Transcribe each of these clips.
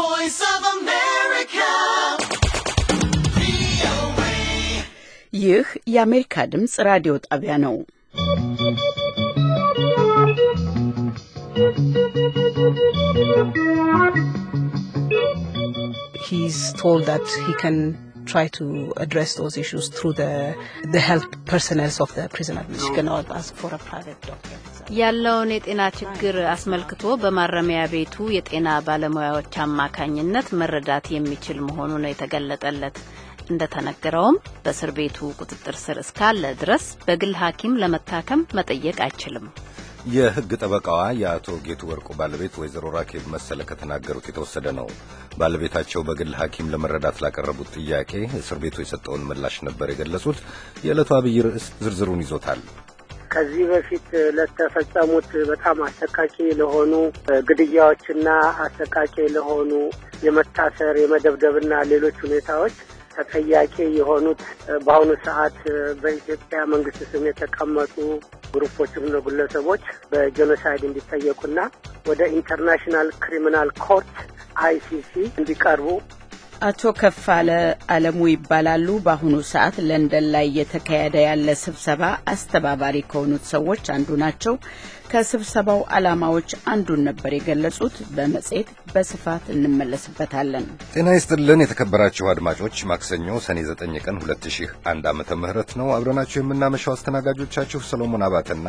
voice of America. ይህ የአሜሪካ ድምፅ ራዲዮ ጣቢያ ነው። He's told that he can try to address those issues through the, the health personnel of the prison. She cannot ask for a private doctor. ያለውን የጤና ችግር አስመልክቶ በማረሚያ ቤቱ የጤና ባለሙያዎች አማካኝነት መረዳት የሚችል መሆኑ ነው የተገለጠለት። እንደተነገረውም በእስር ቤቱ ቁጥጥር ስር እስካለ ድረስ በግል ሐኪም ለመታከም መጠየቅ አይችልም። የሕግ ጠበቃዋ የአቶ ጌቱ ወርቁ ባለቤት ወይዘሮ ራኬብ መሰለ ከተናገሩት የተወሰደ ነው። ባለቤታቸው በግል ሐኪም ለመረዳት ላቀረቡት ጥያቄ እስር ቤቱ የሰጠውን ምላሽ ነበር የገለጹት። የዕለቱ አብይ ርዕስ ዝርዝሩን ይዞታል። ከዚህ በፊት ለተፈጸሙት በጣም አሰቃቂ ለሆኑ ግድያዎችና አሰቃቂ ለሆኑ የመታሰር የመደብደብና ሌሎች ሁኔታዎች ተጠያቂ የሆኑት በአሁኑ ሰዓት በኢትዮጵያ መንግስት ስም የተቀመጡ ግሩፖችም ነው ግለሰቦች እንዲጠየቁና ወደ ኢንተርናሽናል ክሪሚናል ኮርት አይሲሲ እንዲቀርቡ አቶ ከፋለ አለሙ ይባላሉ። በአሁኑ ሰዓት ለንደን ላይ እየተካሄደ ያለ ስብሰባ አስተባባሪ ከሆኑት ሰዎች አንዱ ናቸው። ከስብሰባው ዓላማዎች አንዱን ነበር የገለጹት። በመጽሔት በስፋት እንመለስበታለን። ጤና ይስጥልን የተከበራችሁ አድማጮች፣ ማክሰኞ ሰኔ 9 ቀን 2001 ዓመተ ምህረት ነው። አብረናችሁ የምናመሻው አስተናጋጆቻችሁ ሰሎሞን አባትና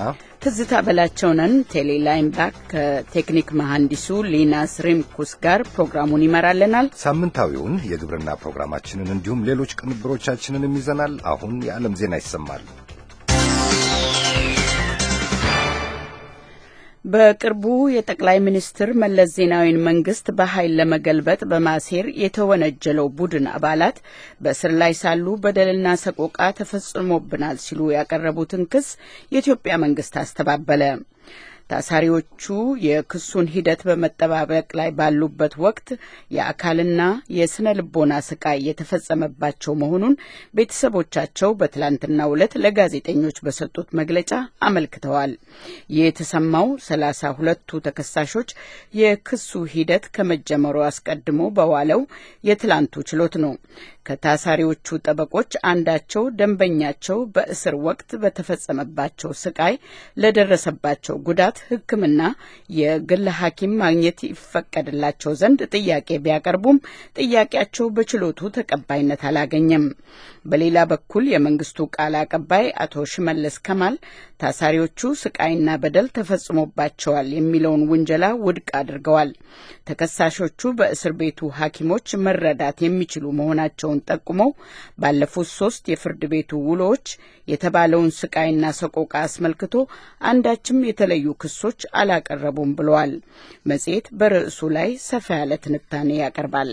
ትዝታ በላቸውነን። ቴሌ ላይምባክ ከቴክኒክ መሐንዲሱ ሊናስ ሪምኩስ ጋር ፕሮግራሙን ይመራልናል። ሳምንታዊውን የግብርና ፕሮግራማችንን እንዲሁም ሌሎች ቅንብሮቻችንን ይዘናል። አሁን የዓለም ዜና ይሰማል። በቅርቡ የጠቅላይ ሚኒስትር መለስ ዜናዊን መንግስት በኃይል ለመገልበጥ በማሴር የተወነጀለው ቡድን አባላት በእስር ላይ ሳሉ በደልና ሰቆቃ ተፈጽሞብናል ሲሉ ያቀረቡትን ክስ የኢትዮጵያ መንግስት አስተባበለ። ታሳሪዎቹ የክሱን ሂደት በመጠባበቅ ላይ ባሉበት ወቅት የአካልና የስነ ልቦና ስቃይ የተፈጸመባቸው መሆኑን ቤተሰቦቻቸው በትላንትናው ዕለት ለጋዜጠኞች በሰጡት መግለጫ አመልክተዋል። ይህ የተሰማው ሰላሳ ሁለቱ ተከሳሾች የክሱ ሂደት ከመጀመሩ አስቀድሞ በዋለው የትላንቱ ችሎት ነው። ከታሳሪዎቹ ጠበቆች አንዳቸው ደንበኛቸው በእስር ወቅት በተፈጸመባቸው ስቃይ ለደረሰባቸው ጉዳት ሕክምና የግል ሐኪም ማግኘት ይፈቀድላቸው ዘንድ ጥያቄ ቢያቀርቡም ጥያቄያቸው በችሎቱ ተቀባይነት አላገኘም። በሌላ በኩል የመንግስቱ ቃል አቀባይ አቶ ሽመለስ ከማል ታሳሪዎቹ ስቃይና በደል ተፈጽሞባቸዋል የሚለውን ውንጀላ ውድቅ አድርገዋል። ተከሳሾቹ በእስር ቤቱ ሐኪሞች መረዳት የሚችሉ መሆናቸውን መሆናቸውን ጠቁመው ባለፉት ሶስት የፍርድ ቤቱ ውሎዎች የተባለውን ስቃይና ሰቆቃ አስመልክቶ አንዳችም የተለዩ ክሶች አላቀረቡም ብለዋል። መጽሔት በርዕሱ ላይ ሰፋ ያለ ትንታኔ ያቀርባል።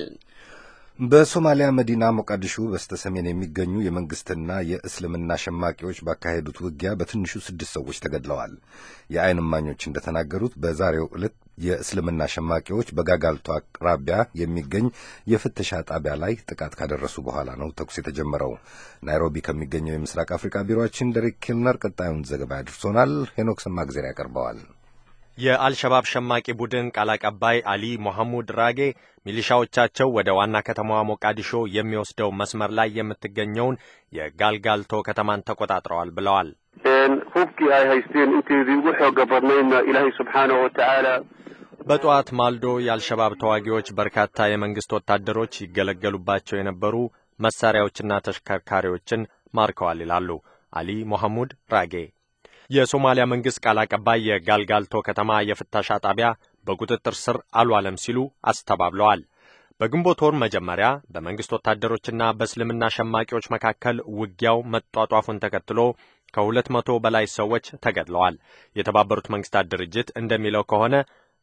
በሶማሊያ መዲና ሞቃዲሾ በስተ ሰሜን የሚገኙ የመንግስትና የእስልምና ሸማቂዎች ባካሄዱት ውጊያ በትንሹ ስድስት ሰዎች ተገድለዋል። የአይን እማኞች እንደተናገሩት በዛሬው ዕለት የእስልምና ሸማቂዎች በጋጋልቶ አቅራቢያ የሚገኝ የፍተሻ ጣቢያ ላይ ጥቃት ካደረሱ በኋላ ነው ተኩስ የተጀመረው። ናይሮቢ ከሚገኘው የምስራቅ አፍሪካ ቢሮችን ደሪክ ኪልነር ቀጣዩን ዘገባ ያድርሶናል። ሄኖክ ሰማግዜር ያቀርበዋል። የአልሸባብ ሸማቂ ቡድን ቃል አቀባይ አሊ ሞሐሙድ ራጌ ሚሊሻዎቻቸው ወደ ዋና ከተማዋ ሞቃዲሾ የሚወስደው መስመር ላይ የምትገኘውን የጋልጋልቶ ከተማን ተቆጣጥረዋል ብለዋል። qofkii በጠዋት ማልዶ የአልሸባብ ተዋጊዎች በርካታ የመንግሥት ወታደሮች ይገለገሉባቸው የነበሩ መሣሪያዎችና ተሽከርካሪዎችን ማርከዋል ይላሉ አሊ ሞሐሙድ ራጌ። የሶማሊያ መንግሥት ቃል አቀባይ የጋልጋልቶ ከተማ የፍተሻ ጣቢያ በቁጥጥር ስር አልዋለም ሲሉ አስተባብለዋል። በግንቦት ወር መጀመሪያ በመንግሥት ወታደሮችና በእስልምና ሸማቂዎች መካከል ውጊያው መጧጧፉን ተከትሎ ከሁለት መቶ በላይ ሰዎች ተገድለዋል። የተባበሩት መንግስታት ድርጅት እንደሚለው ከሆነ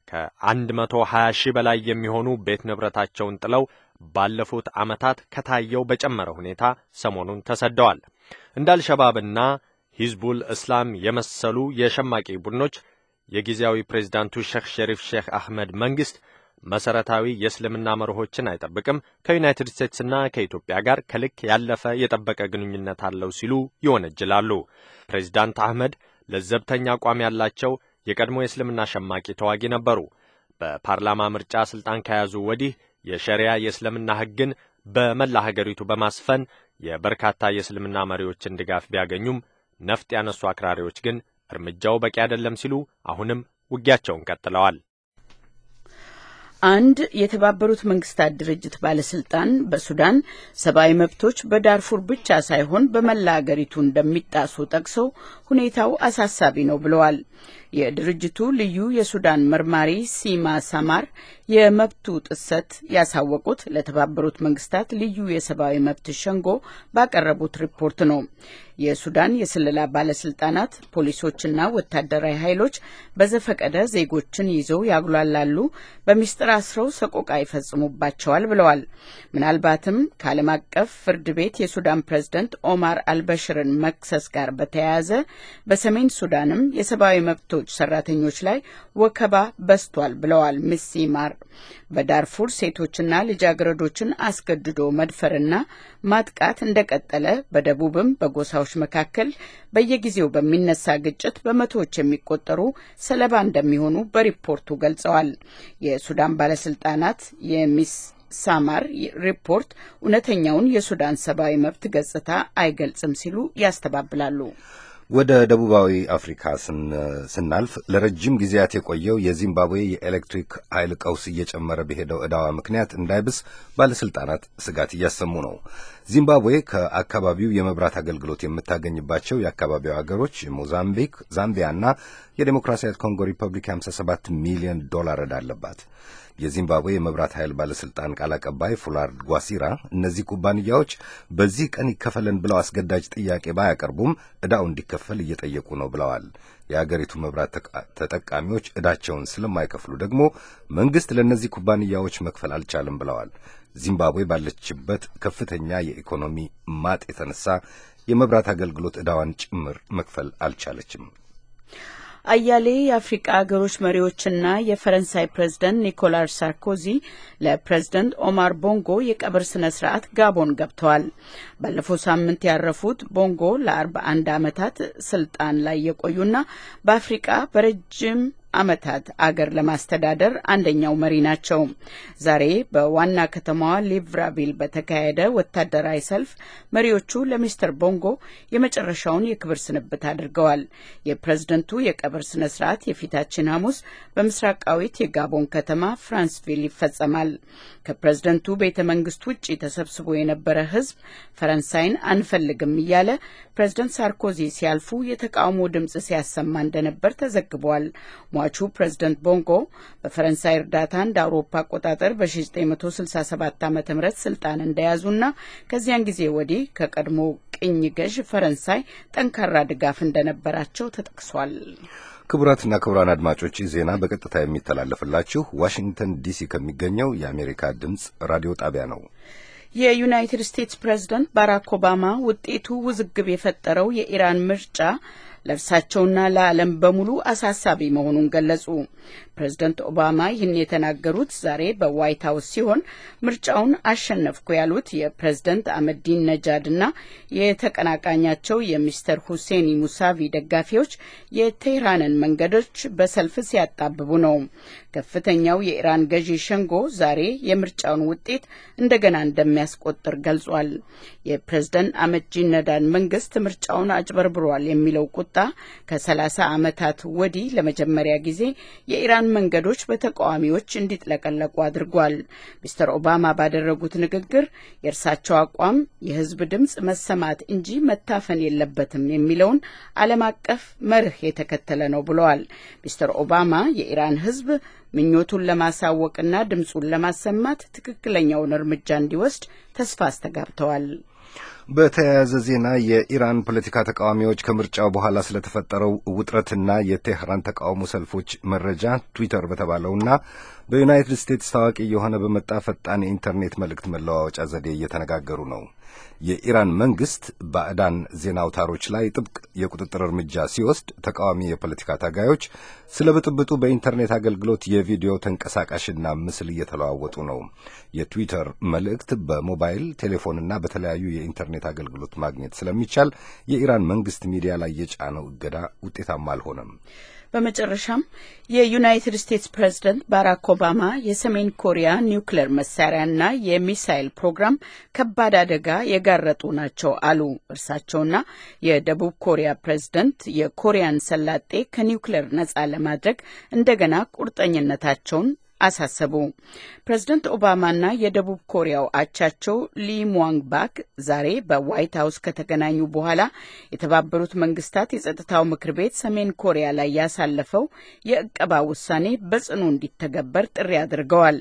ከ120 ሺህ በላይ የሚሆኑ ቤት ንብረታቸውን ጥለው ባለፉት ዓመታት ከታየው በጨመረ ሁኔታ ሰሞኑን ተሰደዋል። እንደ አልሸባብና ሂዝቡል እስላም የመሰሉ የሸማቂ ቡድኖች የጊዜያዊ ፕሬዝዳንቱ ሼክ ሸሪፍ ሼክ አህመድ መንግሥት መሰረታዊ የእስልምና መርሆችን አይጠብቅም፣ ከዩናይትድ ስቴትስና ከኢትዮጵያ ጋር ከልክ ያለፈ የጠበቀ ግንኙነት አለው ሲሉ ይወነጅላሉ። ፕሬዚዳንት አህመድ ለዘብተኛ አቋም ያላቸው የቀድሞ የእስልምና ሸማቂ ተዋጊ ነበሩ። በፓርላማ ምርጫ ስልጣን ከያዙ ወዲህ የሸሪያ የእስልምና ሕግን በመላ ሀገሪቱ በማስፈን የበርካታ የእስልምና መሪዎችን ድጋፍ ቢያገኙም ነፍጥ ያነሱ አክራሪዎች ግን እርምጃው በቂ አይደለም ሲሉ አሁንም ውጊያቸውን ቀጥለዋል። አንድ የተባበሩት መንግስታት ድርጅት ባለስልጣን በሱዳን ሰብአዊ መብቶች በዳርፉር ብቻ ሳይሆን በመላ አገሪቱ እንደሚጣሱ ጠቅሰው ሁኔታው አሳሳቢ ነው ብለዋል። የድርጅቱ ልዩ የሱዳን መርማሪ ሲማ ሳማር የመብቱ ጥሰት ያሳወቁት ለተባበሩት መንግስታት ልዩ የሰብአዊ መብት ሸንጎ ባቀረቡት ሪፖርት ነው። የሱዳን የስለላ ባለስልጣናት ፖሊሶችና ወታደራዊ ኃይሎች በዘፈቀደ ዜጎችን ይዘው ያጉላላሉ፣ በሚስጥር አስረው ሰቆቃ ይፈጽሙባቸዋል ብለዋል። ምናልባትም ከዓለም አቀፍ ፍርድ ቤት የሱዳን ፕሬዝደንት ኦማር አልበሽርን መክሰስ ጋር በተያያዘ በሰሜን ሱዳንም የሰብአዊ መብቶ ሌሎች ሰራተኞች ላይ ወከባ በስቷል ብለዋል ሚስ ሲማር። በዳርፉር ሴቶችና ልጃገረዶችን አስገድዶ መድፈርና ማጥቃት እንደቀጠለ፣ በደቡብም በጎሳዎች መካከል በየጊዜው በሚነሳ ግጭት በመቶዎች የሚቆጠሩ ሰለባ እንደሚሆኑ በሪፖርቱ ገልጸዋል። የሱዳን ባለስልጣናት የሚስ ሳማር ሪፖርት እውነተኛውን የሱዳን ሰብአዊ መብት ገጽታ አይገልጽም ሲሉ ያስተባብላሉ። ወደ ደቡባዊ አፍሪካ ስናልፍ ለረጅም ጊዜያት የቆየው የዚምባብዌ የኤሌክትሪክ ኃይል ቀውስ እየጨመረ በሄደው ዕዳዋ ምክንያት እንዳይብስ ባለሥልጣናት ስጋት እያሰሙ ነው። ዚምባብዌ ከአካባቢው የመብራት አገልግሎት የምታገኝባቸው የአካባቢው አገሮች ሞዛምቢክ፣ ዛምቢያና የዴሞክራሲያዊት ኮንጎ ሪፐብሊክ 57 ሚሊዮን ዶላር ዕዳ አለባት። የዚምባብዌ የመብራት ኃይል ባለስልጣን ቃል አቀባይ ፉላርድ ጓሲራ እነዚህ ኩባንያዎች በዚህ ቀን ይከፈለን ብለው አስገዳጅ ጥያቄ ባያቀርቡም ዕዳው እንዲከፈል እየጠየቁ ነው ብለዋል። የአገሪቱ መብራት ተጠቃሚዎች ዕዳቸውን ስለማይከፍሉ ደግሞ መንግሥት ለእነዚህ ኩባንያዎች መክፈል አልቻልም ብለዋል። ዚምባብዌ ባለችበት ከፍተኛ የኢኮኖሚ ማጥ የተነሳ የመብራት አገልግሎት ዕዳዋን ጭምር መክፈል አልቻለችም። አያሌ የአፍሪቃ አገሮች መሪዎችና የፈረንሳይ ፕሬዝደንት ኒኮላስ ሳርኮዚ ለፕሬዝደንት ኦማር ቦንጎ የቀብር ስነ ስርዓት ጋቦን ገብተዋል። ባለፈው ሳምንት ያረፉት ቦንጎ ለ41 ዓመታት ስልጣን ላይ የቆዩና በአፍሪቃ በረጅም ዓመታት አገር ለማስተዳደር አንደኛው መሪ ናቸው። ዛሬ በዋና ከተማዋ ሊቭራቪል በተካሄደ ወታደራዊ ሰልፍ መሪዎቹ ለሚስተር ቦንጎ የመጨረሻውን የክብር ስንብት አድርገዋል። የፕሬዝደንቱ የቀብር ስነ ስርዓት የፊታችን ሐሙስ በምስራቃዊት የጋቦን ከተማ ፍራንስቪል ይፈጸማል። ከፕሬዝደንቱ ቤተ መንግስት ውጭ ተሰብስቦ የነበረ ህዝብ ፈረንሳይን አንፈልግም እያለ ፕሬዝደንት ሳርኮዚ ሲያልፉ የተቃውሞ ድምፅ ሲያሰማ እንደነበር ተዘግቧል። ሟቹ ፕሬዝደንት ቦንጎ በፈረንሳይ እርዳታ እንደ አውሮፓ አቆጣጠር በ1967 ዓ ም ስልጣን እንደያዙና ከዚያን ጊዜ ወዲህ ከቀድሞ ቅኝ ገዥ ፈረንሳይ ጠንካራ ድጋፍ እንደነበራቸው ተጠቅሷል። ክቡራትና ክቡራን አድማጮች ዜና በቀጥታ የሚተላለፍላችሁ ዋሽንግተን ዲሲ ከሚገኘው የአሜሪካ ድምፅ ራዲዮ ጣቢያ ነው። የዩናይትድ ስቴትስ ፕሬዝደንት ባራክ ኦባማ ውጤቱ ውዝግብ የፈጠረው የኢራን ምርጫ ለእርሳቸውና ለዓለም በሙሉ አሳሳቢ መሆኑን ገለጹ። ፕሬዝደንት ኦባማ ይህን የተናገሩት ዛሬ በዋይት ሀውስ ሲሆን ምርጫውን አሸነፍኩ ያሉት የፕሬዝደንት አህመዲን ነጃድ እና የተቀናቃኛቸው የሚስተር ሁሴኒ ሙሳቪ ደጋፊዎች የቴህራንን መንገዶች በሰልፍ ሲያጣብቡ ነው። ከፍተኛው የኢራን ገዢ ሸንጎ ዛሬ የምርጫውን ውጤት እንደገና እንደሚያስቆጥር ገልጿል። የፕሬዝደንት ነዳን መንግስት ምርጫውን አጭበርብሯል የሚለው ቁጣ ከሰላሳ አመታት ዓመታት ወዲህ ለመጀመሪያ ጊዜ የኢራን መንገዶች በተቃዋሚዎች እንዲጥለቀለቁ አድርጓል። ሚስተር ኦባማ ባደረጉት ንግግር የእርሳቸው አቋም የህዝብ ድምፅ መሰማት እንጂ መታፈን የለበትም የሚለውን ዓለም አቀፍ መርህ የተከተለ ነው ብለዋል። ሚስተር ኦባማ የኢራን ህዝብ ምኞቱን ለማሳወቅና ድምፁን ለማሰማት ትክክለኛውን እርምጃ እንዲወስድ ተስፋ አስተጋብተዋል። በተያያዘ ዜና የኢራን ፖለቲካ ተቃዋሚዎች ከምርጫው በኋላ ስለተፈጠረው ውጥረትና የቴህራን ተቃውሞ ሰልፎች መረጃ ትዊተር በተባለውና በዩናይትድ ስቴትስ ታዋቂ የሆነ በመጣ ፈጣን የኢንተርኔት መልእክት መለዋወጫ ዘዴ እየተነጋገሩ ነው። የኢራን መንግስት ባዕዳን ዜና አውታሮች ላይ ጥብቅ የቁጥጥር እርምጃ ሲወስድ ተቃዋሚ የፖለቲካ ታጋዮች ስለ ብጥብጡ በኢንተርኔት አገልግሎት የቪዲዮ ተንቀሳቃሽና ምስል እየተለዋወጡ ነው። የትዊተር መልእክት በሞባይል ቴሌፎንና በተለያዩ የኢንተርኔት አገልግሎት ማግኘት ስለሚቻል የኢራን መንግስት ሚዲያ ላይ የጫነው እገዳ ውጤታማ አልሆነም። በመጨረሻም የዩናይትድ ስቴትስ ፕሬዝደንት ባራክ ኦባማ የሰሜን ኮሪያ ኒውክሌር መሳሪያና የሚሳይል ፕሮግራም ከባድ አደጋ የጋረጡ ናቸው አሉ። እርሳቸውና የደቡብ ኮሪያ ፕሬዝደንት የኮሪያን ሰላጤ ከኒውክሌር ነጻ ለማድረግ እንደገና ቁርጠኝነታቸውን አሳሰቡ። ፕሬዝደንት ኦባማና የደቡብ ኮሪያው አቻቸው ሊሙዋንግ ባክ ዛሬ በዋይት ሀውስ ከተገናኙ በኋላ የተባበሩት መንግስታት የጸጥታው ምክር ቤት ሰሜን ኮሪያ ላይ ያሳለፈው የእቀባ ውሳኔ በጽኑ እንዲተገበር ጥሪ አድርገዋል።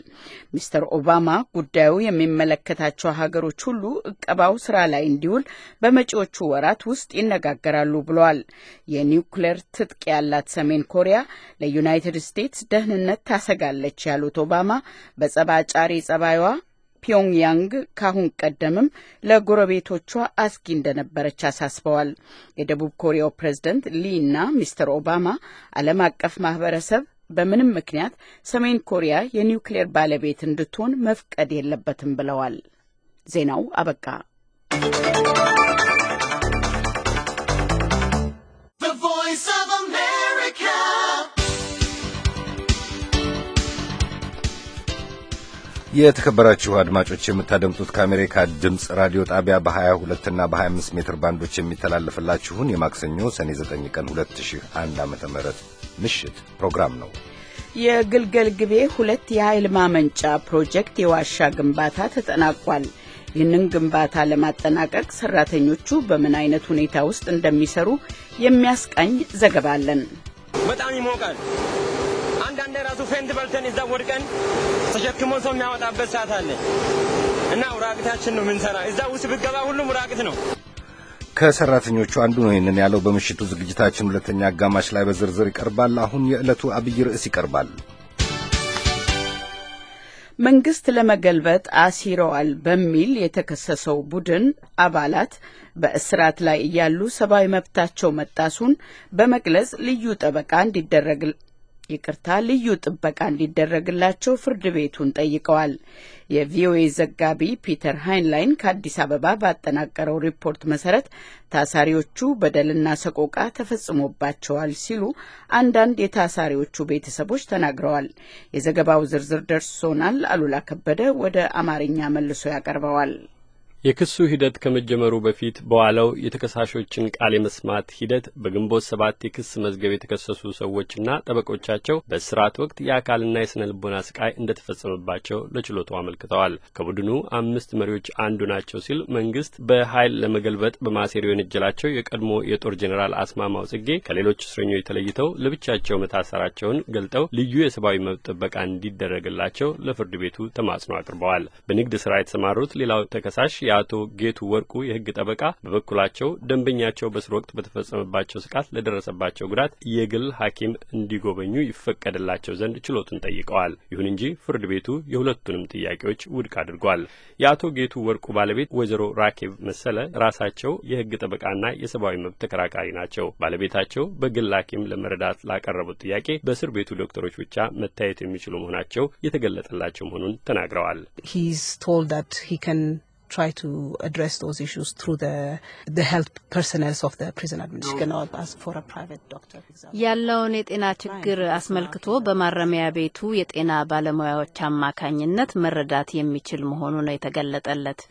ሚስተር ኦባማ ጉዳዩ የሚመለከታቸው ሀገሮች ሁሉ እቀባው ስራ ላይ እንዲውል በመጪዎቹ ወራት ውስጥ ይነጋገራሉ ብለዋል። የኒውክሌር ትጥቅ ያላት ሰሜን ኮሪያ ለዩናይትድ ስቴትስ ደህንነት ታሰጋለች ያሉት ኦባማ በጸባ ጫሪ ጸባይዋ ፒዮንግያንግ ካሁን ቀደምም ለጎረቤቶቿ አስጊ እንደነበረች አሳስበዋል። የደቡብ ኮሪያው ፕሬዝደንት ሊ እና ሚስተር ኦባማ ዓለም አቀፍ ማህበረሰብ በምንም ምክንያት ሰሜን ኮሪያ የኒውክሌር ባለቤት እንድትሆን መፍቀድ የለበትም ብለዋል። ዜናው አበቃ። የተከበራችሁ አድማጮች የምታደምጡት ከአሜሪካ ድምፅ ራዲዮ ጣቢያ በ22 እና በ25 ሜትር ባንዶች የሚተላለፍላችሁን የማክሰኞ ሰኔ 9 ቀን 2001 ዓ.ም ምሽት ፕሮግራም ነው። የግልገል ግቤ ሁለት የኃይል ማመንጫ ፕሮጀክት የዋሻ ግንባታ ተጠናቋል። ይህንን ግንባታ ለማጠናቀቅ ሰራተኞቹ በምን አይነት ሁኔታ ውስጥ እንደሚሰሩ የሚያስቃኝ ዘገባ አለን። በጣም ይሞቃል። አንዳንድ ራሱ ፌንት በልተን እዛ ወድቀን ተሸክሞን ሰው የሚያወጣበት ሰዓት አለ እና ውራቅታችን ነው ምንሰራ። እዛ ውስጥ ብገባ ሁሉም ውራቅት ነው። ከሰራተኞቹ አንዱ ነው ይህንን ያለው። በምሽቱ ዝግጅታችን ሁለተኛ አጋማሽ ላይ በዝርዝር ይቀርባል። አሁን የዕለቱ አብይ ርዕስ ይቀርባል። መንግስት ለመገልበጥ አሲረዋል በሚል የተከሰሰው ቡድን አባላት በእስራት ላይ እያሉ ሰብአዊ መብታቸው መጣሱን በመግለጽ ልዩ ጠበቃ እንዲደረግ ። ይቅርታ ልዩ ጥበቃ እንዲደረግላቸው ፍርድ ቤቱን ጠይቀዋል። የቪኦኤ ዘጋቢ ፒተር ሃይንላይን ከአዲስ አበባ ባጠናቀረው ሪፖርት መሰረት ታሳሪዎቹ በደልና ሰቆቃ ተፈጽሞባቸዋል ሲሉ አንዳንድ የታሳሪዎቹ ቤተሰቦች ተናግረዋል። የዘገባው ዝርዝር ደርሶናል። አሉላ ከበደ ወደ አማርኛ መልሶ ያቀርበዋል። የክሱ ሂደት ከመጀመሩ በፊት በዋለው የተከሳሾችን ቃል የመስማት ሂደት በግንቦት ሰባት የክስ መዝገብ የተከሰሱ ሰዎችና ጠበቆቻቸው በስርዓት ወቅት የአካልና የስነ ልቦና ስቃይ እንደተፈጸመባቸው ለችሎቱ አመልክተዋል። ከቡድኑ አምስት መሪዎች አንዱ ናቸው ሲል መንግስት በኃይል ለመገልበጥ በማሴር የወነጀላቸው የቀድሞ የጦር ጄኔራል አስማማው ጽጌ ከሌሎች እስረኞች ተለይተው ለብቻቸው መታሰራቸውን ገልጠው ልዩ የሰብአዊ መብት ጥበቃ እንዲደረግላቸው ለፍርድ ቤቱ ተማጽኖ አቅርበዋል። በንግድ ስራ የተሰማሩት ሌላው ተከሳሽ የአቶ ጌቱ ወርቁ የህግ ጠበቃ በበኩላቸው ደንበኛቸው በስር ወቅት በተፈጸመባቸው ስቃት ለደረሰባቸው ጉዳት የግል ሐኪም እንዲጎበኙ ይፈቀድላቸው ዘንድ ችሎቱን ጠይቀዋል። ይሁን እንጂ ፍርድ ቤቱ የሁለቱንም ጥያቄዎች ውድቅ አድርጓል። የአቶ ጌቱ ወርቁ ባለቤት ወይዘሮ ራኬብ መሰለ ራሳቸው የህግ ጠበቃና የሰብአዊ መብት ተከራካሪ ናቸው። ባለቤታቸው በግል ሐኪም ለመረዳት ላቀረቡት ጥያቄ በእስር ቤቱ ዶክተሮች ብቻ መታየት የሚችሉ መሆናቸው የተገለጠላቸው መሆኑን ተናግረዋል። try to address those issues through the, the health personnel of the prison administration. no. cannot ask for a private doctor. ያለውን የጤና ችግር አስመልክቶ በማረሚያ ቤቱ የጤና ባለሙያዎች አማካኝነት መረዳት የሚችል መሆኑ ነው የተገለጠለት።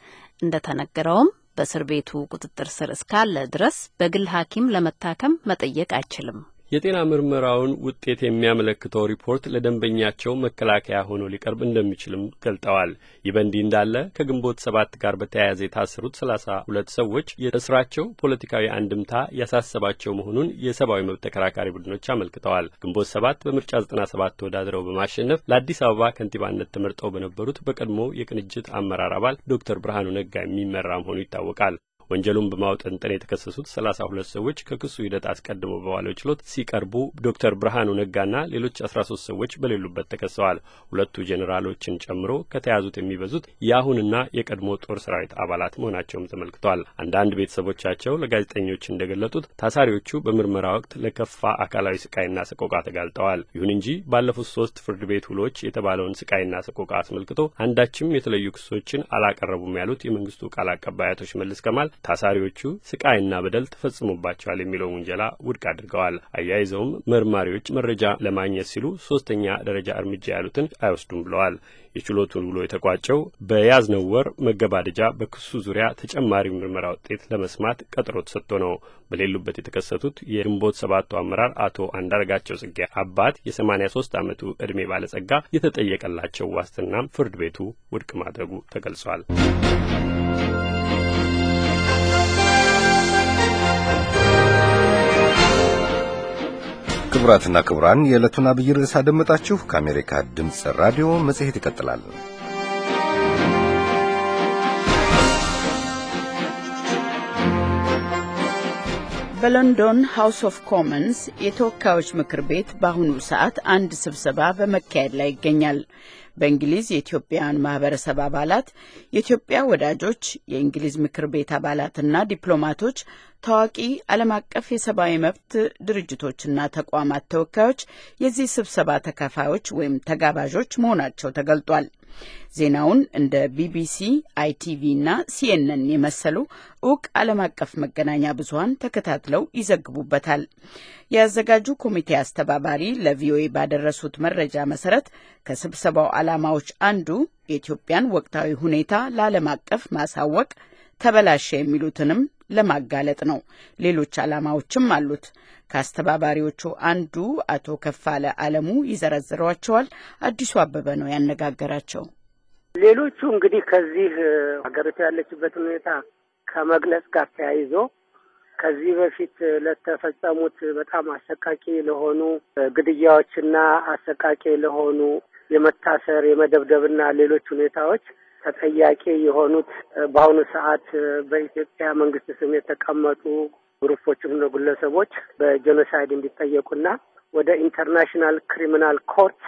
እንደተነገረውም በእስር ቤቱ ቁጥጥር ስር እስካለ ድረስ በግል ሀኪም ለመታከም መጠየቅ አይችልም። የጤና ምርመራውን ውጤት የሚያመለክተው ሪፖርት ለደንበኛቸው መከላከያ ሆኖ ሊቀርብ እንደሚችልም ገልጠዋል። ይህ በእንዲህ እንዳለ ከግንቦት ሰባት ጋር በተያያዘ የታሰሩት ሰላሳ ሁለት ሰዎች የእስራቸው ፖለቲካዊ አንድምታ ያሳሰባቸው መሆኑን የሰብአዊ መብት ተከራካሪ ቡድኖች አመልክተዋል። ግንቦት ሰባት በምርጫ ዘጠና ሰባት ተወዳድረው በማሸነፍ ለአዲስ አበባ ከንቲባነት ተመርጠው በነበሩት በቀድሞ የቅንጅት አመራር አባል ዶክተር ብርሃኑ ነጋ የሚመራ መሆኑ ይታወቃል። ወንጀሉን በማውጠንጠን የተከሰሱት ሰላሳ ሁለት ሰዎች ከክሱ ሂደት አስቀድሞ በዋለው ችሎት ሲቀርቡ ዶክተር ብርሃኑ ነጋና ሌሎች አስራ ሶስት ሰዎች በሌሉበት ተከሰዋል። ሁለቱ ጄኔራሎችን ጨምሮ ከተያዙት የሚበዙት የአሁንና የቀድሞ ጦር ሰራዊት አባላት መሆናቸውም ተመልክቷል። አንዳንድ ቤተሰቦቻቸው ለጋዜጠኞች እንደገለጡት ታሳሪዎቹ በምርመራ ወቅት ለከፋ አካላዊ ስቃይና ሰቆቃ ተጋልጠዋል። ይሁን እንጂ ባለፉት ሶስት ፍርድ ቤት ውሎች የተባለውን ስቃይና ሰቆቃ አስመልክቶ አንዳችም የተለዩ ክሶችን አላቀረቡም ያሉት የመንግስቱ ቃል አቀባይ አቶ ሽመልስ ከማል ታሳሪዎቹ ስቃይና በደል ተፈጽሞባቸዋል የሚለውን ውንጀላ ውድቅ አድርገዋል። አያይዘውም መርማሪዎች መረጃ ለማግኘት ሲሉ ሶስተኛ ደረጃ እርምጃ ያሉትን አይወስዱም ብለዋል። የችሎቱን ውሎ የተቋጨው በያዝነው ወር መገባደጃ በክሱ ዙሪያ ተጨማሪ ምርመራ ውጤት ለመስማት ቀጠሮ ተሰጥቶ ነው። በሌሉበት የተከሰቱት የግንቦት ሰባቱ አመራር አቶ አንዳርጋቸው ጽጌ አባት የ83 ዓመቱ ዕድሜ ባለጸጋ የተጠየቀላቸው ዋስትናም ፍርድ ቤቱ ውድቅ ማድረጉ ተገልጿል። ክቡራትና ክቡራን የዕለቱን አብይ ርዕስ አደመጣችሁ። ከአሜሪካ ድምፅ ራዲዮ መጽሔት ይቀጥላል። በሎንዶን ሃውስ ኦፍ ኮመንስ የተወካዮች ምክር ቤት በአሁኑ ሰዓት አንድ ስብሰባ በመካሄድ ላይ ይገኛል። በእንግሊዝ የኢትዮጵያውያን ማህበረሰብ አባላት፣ የኢትዮጵያ ወዳጆች፣ የእንግሊዝ ምክር ቤት አባላትና ዲፕሎማቶች፣ ታዋቂ ዓለም አቀፍ የሰብአዊ መብት ድርጅቶችና ተቋማት ተወካዮች የዚህ ስብሰባ ተካፋዮች ወይም ተጋባዦች መሆናቸው ተገልጧል። ዜናውን እንደ ቢቢሲ፣ አይቲቪ እና ሲኤንን የመሰሉ እውቅ ዓለም አቀፍ መገናኛ ብዙሀን ተከታትለው ይዘግቡበታል። የአዘጋጁ ኮሚቴ አስተባባሪ ለቪኦኤ ባደረሱት መረጃ መሰረት ከስብሰባው ዓላማዎች አንዱ የኢትዮጵያን ወቅታዊ ሁኔታ ለዓለም አቀፍ ማሳወቅ፣ ተበላሸ የሚሉትንም ለማጋለጥ ነው። ሌሎች ዓላማዎችም አሉት። ከአስተባባሪዎቹ አንዱ አቶ ከፋለ አለሙ ይዘረዝሯቸዋል። አዲሱ አበበ ነው ያነጋገራቸው። ሌሎቹ እንግዲህ ከዚህ ሀገሪቱ ያለችበትን ሁኔታ ከመግለጽ ጋር ተያይዞ ከዚህ በፊት ለተፈጸሙት በጣም አሰቃቂ ለሆኑ ግድያዎችና አሰቃቂ ለሆኑ የመታሰር የመደብደብና ሌሎች ሁኔታዎች ተጠያቂ የሆኑት በአሁኑ ሰዓት በኢትዮጵያ መንግስት ስም የተቀመጡ ግሩፖችም ነው ግለሰቦች በጄኖሳይድ እንዲጠየቁና ወደ ኢንተርናሽናል ክሪሚናል ኮርት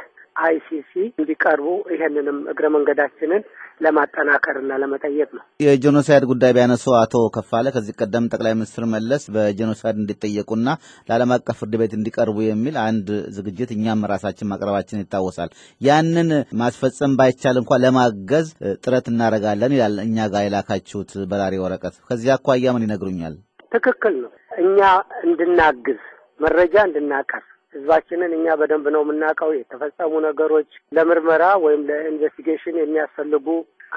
አይሲሲ እንዲቀርቡ ይህንንም እግረ መንገዳችንን ለማጠናከርና ለመጠየቅ ነው። የጄኖሳይድ ጉዳይ ቢያነሱ አቶ ከፋለ ከዚህ ቀደም ጠቅላይ ሚኒስትር መለስ በጄኖሳይድ እንዲጠየቁና ለዓለም አቀፍ ፍርድ ቤት እንዲቀርቡ የሚል አንድ ዝግጅት እኛም ራሳችን ማቅረባችን ይታወሳል። ያንን ማስፈጸም ባይቻል እንኳ ለማገዝ ጥረት እናደርጋለን ይላል እኛ ጋር የላካችሁት በራሪ ወረቀት። ከዚህ አኳያ ምን ይነግሩኛል? ትክክል ነው። እኛ እንድናግዝ መረጃ እንድናቀርብ ህዝባችንን እኛ በደንብ ነው የምናውቀው። የተፈጸሙ ነገሮች ለምርመራ ወይም ለኢንቨስቲጌሽን የሚያስፈልጉ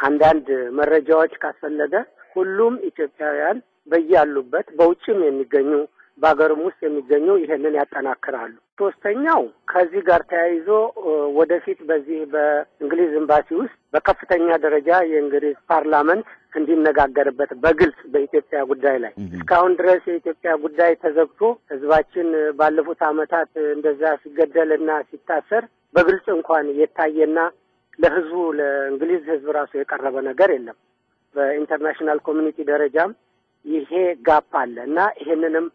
አንዳንድ መረጃዎች ካስፈለገ ሁሉም ኢትዮጵያውያን በያሉበት በውጭም የሚገኙ በሀገርም ውስጥ የሚገኙ ይሄንን ያጠናክራሉ። ሶስተኛው ከዚህ ጋር ተያይዞ ወደፊት በዚህ በእንግሊዝ ኤምባሲ ውስጥ በከፍተኛ ደረጃ የእንግሊዝ ፓርላመንት እንዲነጋገርበት በግልጽ በኢትዮጵያ ጉዳይ ላይ እስካሁን ድረስ የኢትዮጵያ ጉዳይ ተዘግቶ ህዝባችን ባለፉት አመታት እንደዛ ሲገደልና ሲታሰር በግልጽ እንኳን የታየና ለህዝቡ ለእንግሊዝ ህዝብ ራሱ የቀረበ ነገር የለም። በኢንተርናሽናል ኮሚኒቲ ደረጃም ይሄ ጋፕ አለ እና ይሄንንም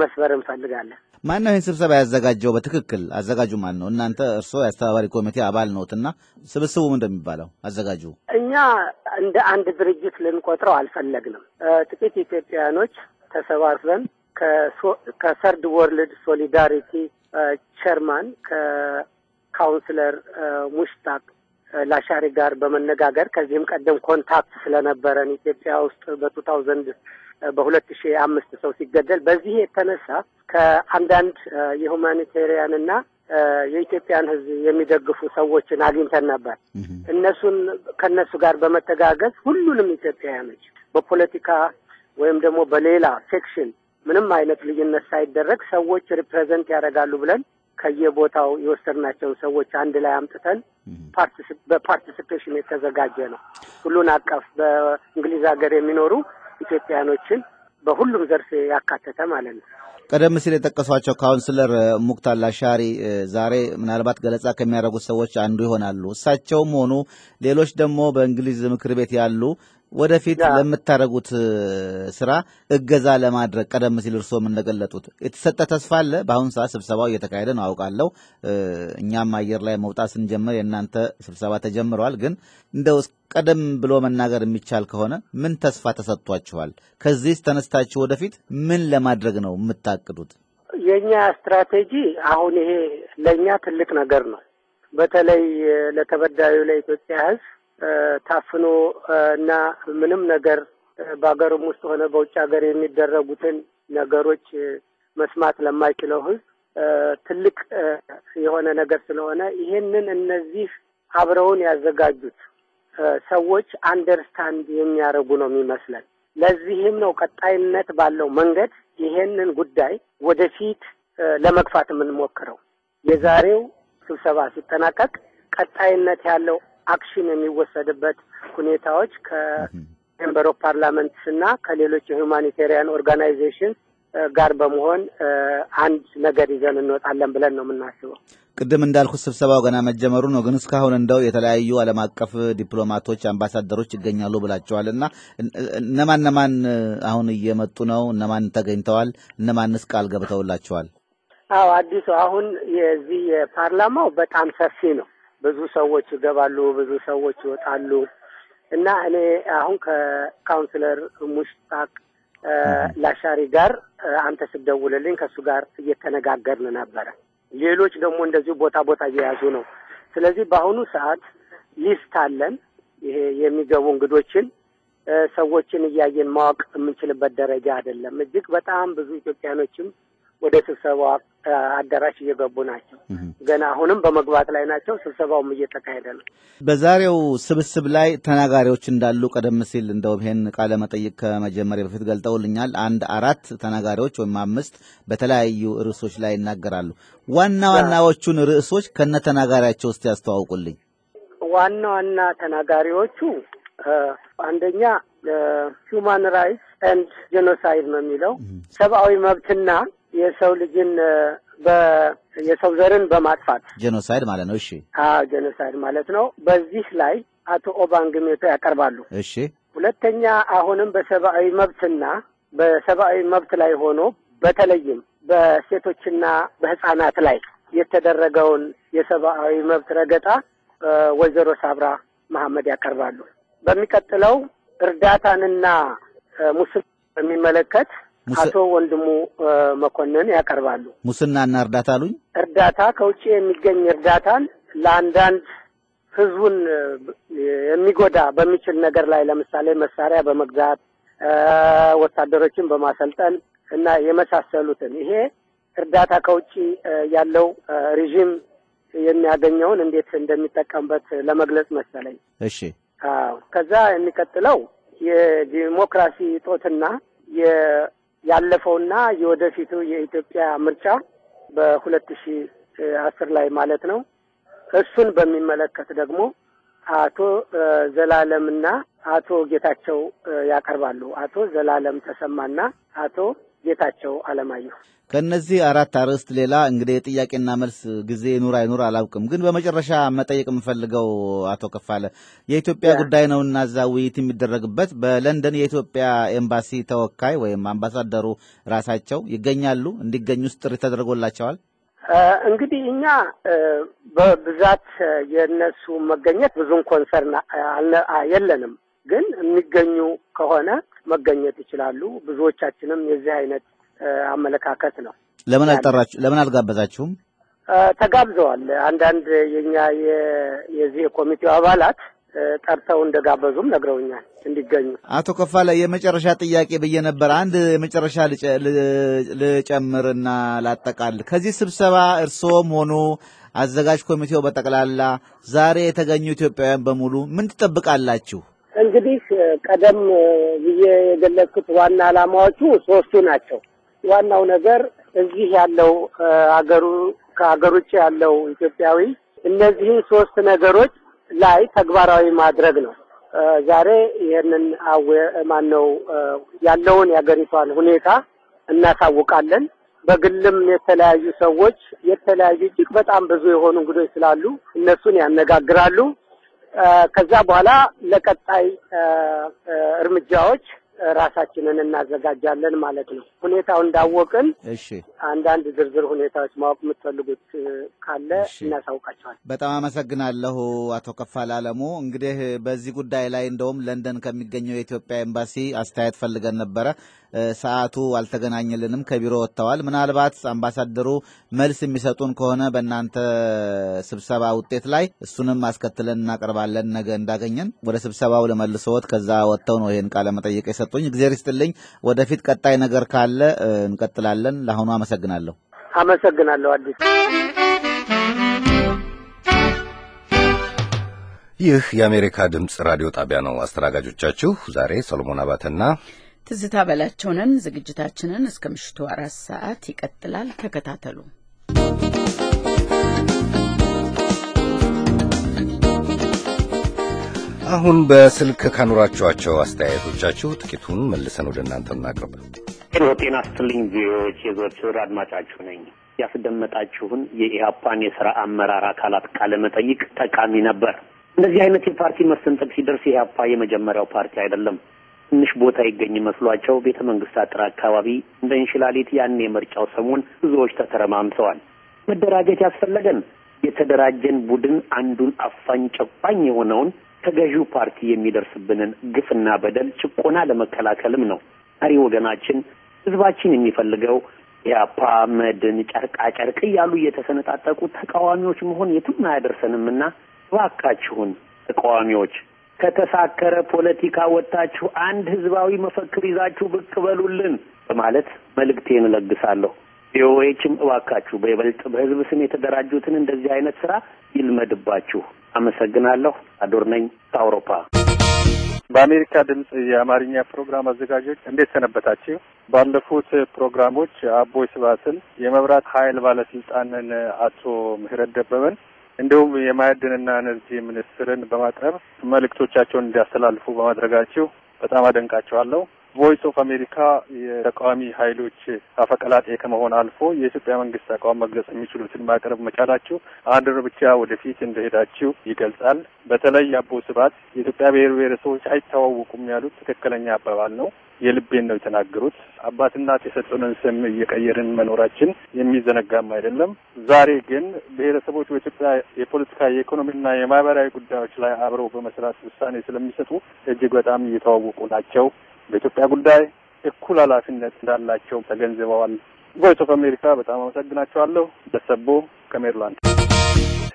መስበር እንፈልጋለን። ማን ነው ይህን ስብሰባ ያዘጋጀው? በትክክል አዘጋጁ ማን ነው? እናንተ እርስዎ የአስተባባሪ ኮሚቴ አባል ነዎትና ስብስቡ እንደሚባለው አዘጋጁ። እኛ እንደ አንድ ድርጅት ልንቆጥረው አልፈለግንም። ጥቂት ኢትዮጵያውያኖች ተሰባስበን ከሰርድ ወርልድ ሶሊዳሪቲ ቸርማን ከካውንስለር ሙሽታቅ ላሻሪ ጋር በመነጋገር ከዚህም ቀደም ኮንታክት ስለነበረን ኢትዮጵያ ውስጥ በቱ ታውዘንድ በሁለት ሺ አምስት ሰው ሲገደል በዚህ የተነሳ ከአንዳንድ የሁማኒቴሪያንና የኢትዮጵያን ሕዝብ የሚደግፉ ሰዎችን አግኝተን ነበር። እነሱን ከእነሱ ጋር በመተጋገዝ ሁሉንም ኢትዮጵያውያኖች በፖለቲካ ወይም ደግሞ በሌላ ሴክሽን ምንም አይነት ልዩነት ሳይደረግ ሰዎች ሪፕሬዘንት ያደርጋሉ ብለን ከየቦታው የወሰድናቸውን ሰዎች አንድ ላይ አምጥተን በፓርቲሲፔሽን የተዘጋጀ ነው። ሁሉን አቀፍ በእንግሊዝ ሀገር የሚኖሩ ኢትዮጵያኖችን በሁሉም ዘርፍ ያካተተ ማለት ነው። ቀደም ሲል የጠቀሷቸው ካውንስለር ሙክታር ላሻሪ ዛሬ ምናልባት ገለጻ ከሚያደርጉት ሰዎች አንዱ ይሆናሉ። እሳቸውም ሆኑ ሌሎች ደግሞ በእንግሊዝ ምክር ቤት ያሉ ወደፊት ለምታደርጉት ስራ እገዛ ለማድረግ ቀደም ሲል እርስዎም እንደገለጡት የተሰጠ ተስፋ አለ። በአሁኑ ሰዓት ስብሰባው እየተካሄደ ነው አውቃለሁ። እኛም አየር ላይ መውጣት ስንጀምር የእናንተ ስብሰባ ተጀምረዋል። ግን እንደው ቀደም ብሎ መናገር የሚቻል ከሆነ ምን ተስፋ ተሰጥቷችኋል? ከዚህ ተነስታችሁ ወደፊት ምን ለማድረግ ነው የምታቅዱት? የእኛ ስትራቴጂ አሁን ይሄ ለእኛ ትልቅ ነገር ነው። በተለይ ለተበዳዩ ለኢትዮጵያ ሕዝብ ታፍኖ እና ምንም ነገር በሀገርም ውስጥ ሆነ በውጭ ሀገር የሚደረጉትን ነገሮች መስማት ለማይችለው ህዝብ ትልቅ የሆነ ነገር ስለሆነ ይሄንን እነዚህ አብረውን ያዘጋጁት ሰዎች አንደርስታንድ የሚያደርጉ ነው የሚመስለን። ለዚህም ነው ቀጣይነት ባለው መንገድ ይሄንን ጉዳይ ወደፊት ለመግፋት የምንሞክረው። የዛሬው ስብሰባ ሲጠናቀቅ ቀጣይነት ያለው አክሽን የሚወሰድበት ሁኔታዎች ከሜምበር ኦፍ ፓርላመንትስ እና ከሌሎች የሁማኒቴሪያን ኦርጋናይዜሽን ጋር በመሆን አንድ ነገር ይዘን እንወጣለን ብለን ነው የምናስበው። ቅድም እንዳልኩት ስብሰባው ገና መጀመሩ ነው፣ ግን እስካሁን እንደው የተለያዩ ዓለም አቀፍ ዲፕሎማቶች፣ አምባሳደሮች ይገኛሉ ብላቸዋል እና እነማን እነማን አሁን እየመጡ ነው? እነማን ተገኝተዋል? እነማንስ ቃል ገብተውላቸዋል? አዎ አዲሱ አሁን የዚህ የፓርላማው በጣም ሰፊ ነው። ብዙ ሰዎች ይገባሉ፣ ብዙ ሰዎች ይወጣሉ እና እኔ አሁን ከካውንስለር ሙሽጣቅ ላሻሪ ጋር አንተ ስደውልልኝ ከእሱ ጋር እየተነጋገርን ነበረ። ሌሎች ደግሞ እንደዚሁ ቦታ ቦታ እየያዙ ነው። ስለዚህ በአሁኑ ሰዓት ሊስት አለን። ይሄ የሚገቡ እንግዶችን ሰዎችን እያየን ማወቅ የምንችልበት ደረጃ አይደለም። እጅግ በጣም ብዙ ኢትዮጵያኖችም ወደ ስብሰባ አዳራሽ እየገቡ ናቸው። ገና አሁንም በመግባት ላይ ናቸው። ስብሰባውም እየተካሄደ ነው። በዛሬው ስብስብ ላይ ተናጋሪዎች እንዳሉ ቀደም ሲል እንደውም ይሄን ቃለ መጠይቅ ከመጀመሪያ በፊት ገልጠውልኛል። አንድ አራት ተናጋሪዎች ወይም አምስት በተለያዩ ርዕሶች ላይ ይናገራሉ። ዋና ዋናዎቹን ርዕሶች ከነ ተናጋሪያቸው ውስጥ ያስተዋውቁልኝ። ዋና ዋና ተናጋሪዎቹ አንደኛ ሂውማን ራይትስ ኤንድ ጄኖሳይድ ነው የሚለው ሰብአዊ መብትና የሰው ልጅን የሰው ዘርን በማጥፋት ጄኖሳይድ ማለት ነው። እሺ፣ አዎ ጄኖሳይድ ማለት ነው። በዚህ ላይ አቶ ኦባንግ ሜቶ ያቀርባሉ። እሺ፣ ሁለተኛ አሁንም በሰብአዊ መብትና በሰብአዊ መብት ላይ ሆኖ በተለይም በሴቶችና በህፃናት ላይ የተደረገውን የሰብአዊ መብት ረገጣ ወይዘሮ ሳብራ መሐመድ ያቀርባሉ። በሚቀጥለው እርዳታንና ሙስና በሚመለከት አቶ ወንድሙ መኮንን ያቀርባሉ። ሙስናና እርዳታ አሉኝ። እርዳታ ከውጭ የሚገኝ እርዳታን ለአንዳንድ ህዝቡን የሚጎዳ በሚችል ነገር ላይ ለምሳሌ መሳሪያ በመግዛት ወታደሮችን በማሰልጠን እና የመሳሰሉትን ይሄ እርዳታ ከውጭ ያለው ሪዥም የሚያገኘውን እንዴት እንደሚጠቀምበት ለመግለጽ መሰለኝ። እሺ። አዎ። ከዛ የሚቀጥለው የዲሞክራሲ እጦትና ያለፈውና የወደፊቱ የኢትዮጵያ ምርጫ በሁለት ሺ አስር ላይ ማለት ነው። እሱን በሚመለከት ደግሞ አቶ ዘላለምና አቶ ጌታቸው ያቀርባሉ። አቶ ዘላለም ተሰማና አቶ ጌታቸው አለማየሁ ከእነዚህ አራት አርዕስት ሌላ እንግዲህ የጥያቄና መልስ ጊዜ ኑር አይኑር አላውቅም፣ ግን በመጨረሻ መጠየቅ የምፈልገው አቶ ከፋለ የኢትዮጵያ ጉዳይ ነውና እዛ ውይይት የሚደረግበት በለንደን የኢትዮጵያ ኤምባሲ ተወካይ ወይም አምባሳደሩ ራሳቸው ይገኛሉ። እንዲገኙስ ጥሪ ተደርጎላቸዋል? እንግዲህ እኛ በብዛት የእነሱ መገኘት ብዙም ኮንሰርን የለንም፣ ግን የሚገኙ ከሆነ መገኘት ይችላሉ። ብዙዎቻችንም የዚህ አይነት አመለካከት ነው። ለምን አልጠራችሁ? ለምን አልጋበዛችሁም? ተጋብዘዋል። አንዳንድ የኛ የዚህ የኮሚቴው አባላት ጠርተው እንደጋበዙም ነግረውኛል እንዲገኙ። አቶ ከፋለ የመጨረሻ ጥያቄ ብዬ ነበር። አንድ የመጨረሻ ልጨምርና ላጠቃል። ከዚህ ስብሰባ እርስዎም ሆኑ አዘጋጅ ኮሚቴው በጠቅላላ ዛሬ የተገኙ ኢትዮጵያውያን በሙሉ ምን ትጠብቃላችሁ? እንግዲህ ቀደም ብዬ የገለጽኩት ዋና ዓላማዎቹ ሶስቱ ናቸው። ዋናው ነገር እዚህ ያለው አገሩ ከሀገር ውጭ ያለው ኢትዮጵያዊ እነዚህን ሶስት ነገሮች ላይ ተግባራዊ ማድረግ ነው። ዛሬ ይህንን አዌ ማን ነው ያለውን የሀገሪቷን ሁኔታ እናሳውቃለን። በግልም የተለያዩ ሰዎች የተለያዩ እጅግ በጣም ብዙ የሆኑ እንግዶች ስላሉ እነሱን ያነጋግራሉ። ከዛ በኋላ ለቀጣይ እርምጃዎች ራሳችንን እናዘጋጃለን ማለት ነው። ሁኔታው እንዳወቅን እሺ፣ አንዳንድ ዝርዝር ሁኔታዎች ማወቅ የምትፈልጉት ካለ እናሳውቃቸዋል። በጣም አመሰግናለሁ አቶ ከፋል አለሙ። እንግዲህ በዚህ ጉዳይ ላይ እንደውም ለንደን ከሚገኘው የኢትዮጵያ ኤምባሲ አስተያየት ፈልገን ነበረ። ሰዓቱ አልተገናኘልንም፣ ከቢሮ ወጥተዋል። ምናልባት አምባሳደሩ መልስ የሚሰጡን ከሆነ በእናንተ ስብሰባ ውጤት ላይ እሱንም አስከትለን እናቀርባለን። ነገ እንዳገኘን ወደ ስብሰባው ለመልሶት ከዛ ወጥተው ነው ይህን ቃለ መጠየቅ ስለሰጡኝ እግዚአብሔር ይስጥልኝ። ወደፊት ቀጣይ ነገር ካለ እንቀጥላለን። ለአሁኑ አመሰግናለሁ። አመሰግናለሁ አዲስ። ይህ የአሜሪካ ድምፅ ራዲዮ ጣቢያ ነው። አስተናጋጆቻችሁ ዛሬ ሰሎሞን አባተና ትዝታ በላቸውንን። ዝግጅታችንን እስከ ምሽቱ አራት ሰዓት ይቀጥላል። ተከታተሉ። አሁን በስልክ ካኖራችኋቸው አስተያየቶቻችሁ ጥቂቱን መልሰን ወደ እናንተ እናቅርብ። ጤና ስትልኝ ቪዎች የዘወትር አድማጫችሁ ነኝ። ያስደመጣችሁን የኢህአፓን የስራ አመራር አካላት ቃለ መጠይቅ ጠቃሚ ነበር። እንደዚህ አይነት የፓርቲ መሰንጠቅ ሲደርስ ኢህአፓ የመጀመሪያው ፓርቲ አይደለም። ትንሽ ቦታ ይገኝ መስሏቸው ቤተ መንግስት አጥር አካባቢ እንደ እንሽላሊት ያን የምርጫው ሰሞን ብዙዎች ተተረማምሰዋል። መደራጀት ያስፈለገን የተደራጀን ቡድን አንዱን አፋኝ ጨቋኝ የሆነውን ከገዢው ፓርቲ የሚደርስብንን ግፍና በደል፣ ጭቆና ለመከላከልም ነው። መሪ ወገናችን ህዝባችን የሚፈልገው የአፓ መድን፣ ጨርቃ ጨርቅ እያሉ እየተሰነጣጠቁ ተቃዋሚዎች መሆን የትም አያደርሰንም እና እባካችሁን ተቃዋሚዎች ከተሳከረ ፖለቲካ ወጥታችሁ አንድ ህዝባዊ መፈክር ይዛችሁ ብቅ በሉልን በማለት መልእክቴን እለግሳለሁ። ቪኦኤችም እባካችሁ በይበልጥ በህዝብ ስም የተደራጁትን እንደዚህ አይነት ስራ ይልመድባችሁ። አመሰግናለሁ። አዶር ነኝ ከአውሮፓ በአሜሪካ ድምጽ የአማርኛ ፕሮግራም አዘጋጆች እንዴት ሰነበታችሁ? ባለፉት ፕሮግራሞች አቦይ ስባስን የመብራት ኃይል ባለስልጣንን አቶ ምህረት ደበበን እንዲሁም የማዕድንና ኤነርጂ ሚኒስትርን በማቅረብ መልእክቶቻቸውን እንዲያስተላልፉ በማድረጋችሁ በጣም አደንቃቸዋለሁ። ቮይስ ኦፍ አሜሪካ የተቃዋሚ ኃይሎች አፈቀላጤ ከመሆን አልፎ የኢትዮጵያ መንግስት አቋም መግለጽ የሚችሉትን ማቅረብ መቻላችሁ አንድ እርምጃ ወደፊት እንደሄዳችሁ ይገልጻል። በተለይ አቦ ስባት የኢትዮጵያ ብሔር ብሔረሰቦች አይተዋወቁም ያሉት ትክክለኛ አባባል ነው። የልቤን ነው የተናገሩት። አባትና እናት የሰጡንን ስም እየቀየርን መኖራችን የሚዘነጋም አይደለም። ዛሬ ግን ብሔረሰቦች በኢትዮጵያ የፖለቲካ የኢኮኖሚና የማህበራዊ ጉዳዮች ላይ አብረው በመስራት ውሳኔ ስለሚሰጡ እጅግ በጣም እየተዋወቁ ናቸው። በኢትዮጵያ ጉዳይ እኩል ኃላፊነት እንዳላቸው ተገንዝበዋል። ቮይስ ኦፍ አሜሪካ በጣም አመሰግናቸዋለሁ። ደሰቦ ከሜሪላንድ።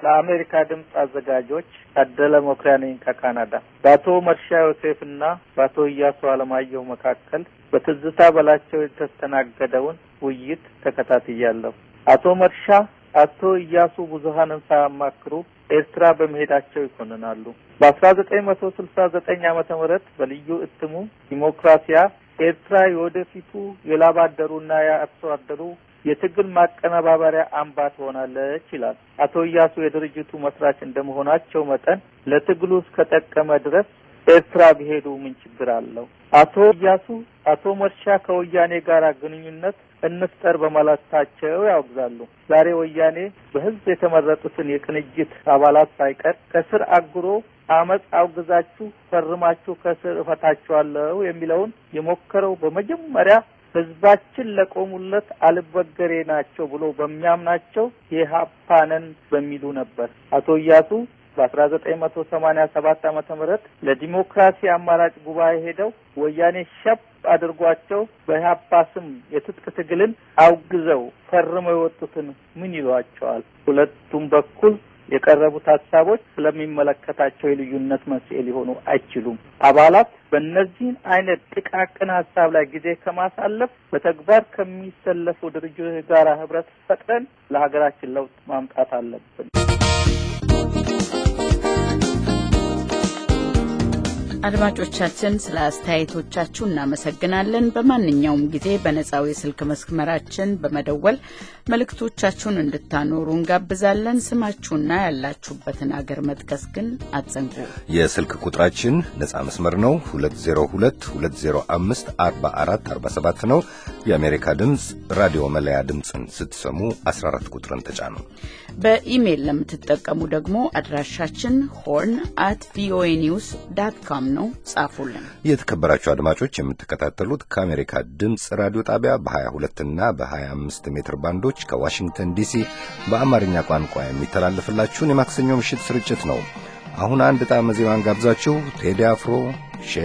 ለአሜሪካ ድምፅ አዘጋጆች ታደለ መኩሪያ ነኝ ከካናዳ። በአቶ መርሻ ዮሴፍና በአቶ እያሱ አለማየሁ መካከል በትዝታ በላቸው የተስተናገደውን ውይይት ተከታትያለሁ። አቶ መርሻ አቶ እያሱ ብዙሀንን ሳያማክሩ ኤርትራ በመሄዳቸው ይኮንናሉ። በአስራ ዘጠኝ መቶ ስልሳ ዘጠኝ ዓመተ ምህረት በልዩ እትሙ ዲሞክራሲያ ኤርትራ የወደፊቱ የላባደሩ አደሩና የአርሶ አደሩ የትግል ማቀነባበሪያ አምባ ትሆናለች ይላል። አቶ እያሱ የድርጅቱ መስራች እንደመሆናቸው መጠን ለትግሉ እስከጠቀመ ድረስ ኤርትራ ቢሄዱ ምን ችግር አለው? አቶ እያሱ አቶ መርሻ ከወያኔ ጋር ግንኙነት እንፍጠር በማለታቸው ያወግዛሉ። ዛሬ ወያኔ በህዝብ የተመረጡትን የቅንጅት አባላት ሳይቀር ከስር አግሮ አመፅ አውግዛችሁ ፈርማችሁ ከስር እፈታችኋለሁ የሚለውን የሞከረው በመጀመሪያ ህዝባችን ለቆሙለት አልበገሬ ናቸው ብሎ በሚያምናቸው የሀፓነን በሚሉ ነበር። አቶ እያሱ በአስራ ዘጠኝ መቶ ሰማኒያ ሰባት አመተ ምህረት ለዲሞክራሲ አማራጭ ጉባኤ ሄደው ወያኔ ሸብ አድርጓቸው በኢህአፓ ስም የትጥቅ ትግልን አውግዘው ፈርመው የወጡትን ምን ይሏቸዋል? ሁለቱም በኩል የቀረቡት ሀሳቦች ስለሚመለከታቸው የልዩነት መንስኤ ሊሆኑ አይችሉም። አባላት በእነዚህን አይነት ጥቃቅን ሀሳብ ላይ ጊዜ ከማሳለፍ በተግባር ከሚሰለፉ ድርጅቶች ጋር ህብረት ፈጥረን ለሀገራችን ለውጥ ማምጣት አለብን። አድማጮቻችን ስለ አስተያየቶቻችሁ እናመሰግናለን። በማንኛውም ጊዜ በነጻው የስልክ መስመራችን በመደወል መልእክቶቻችሁን እንድታኖሩ እንጋብዛለን። ስማችሁና ያላችሁበትን አገር መጥቀስ ግን አትዘንጉ። የስልክ ቁጥራችን ነጻ መስመር ነው 2022054447 ነው። የአሜሪካ ድምፅ ራዲዮ መለያ ድምፅን ስትሰሙ 14 ቁጥርን ተጫኑ። በኢሜይል ለምትጠቀሙ ደግሞ አድራሻችን ሆርን አት ቪኦኤ ኒውስ ዳት ካም ነው፣ ጻፉልን። የተከበራችሁ አድማጮች የምትከታተሉት ከአሜሪካ ድምፅ ራዲዮ ጣቢያ በ22 እና በ25 ሜትር ባንዶች ከዋሽንግተን ዲሲ በአማርኛ ቋንቋ የሚተላለፍላችሁን የማክሰኞ ምሽት ስርጭት ነው። አሁን አንድ ጣዕመ ዜማን ጋብዛችሁ ቴዲ አፍሮ ሼ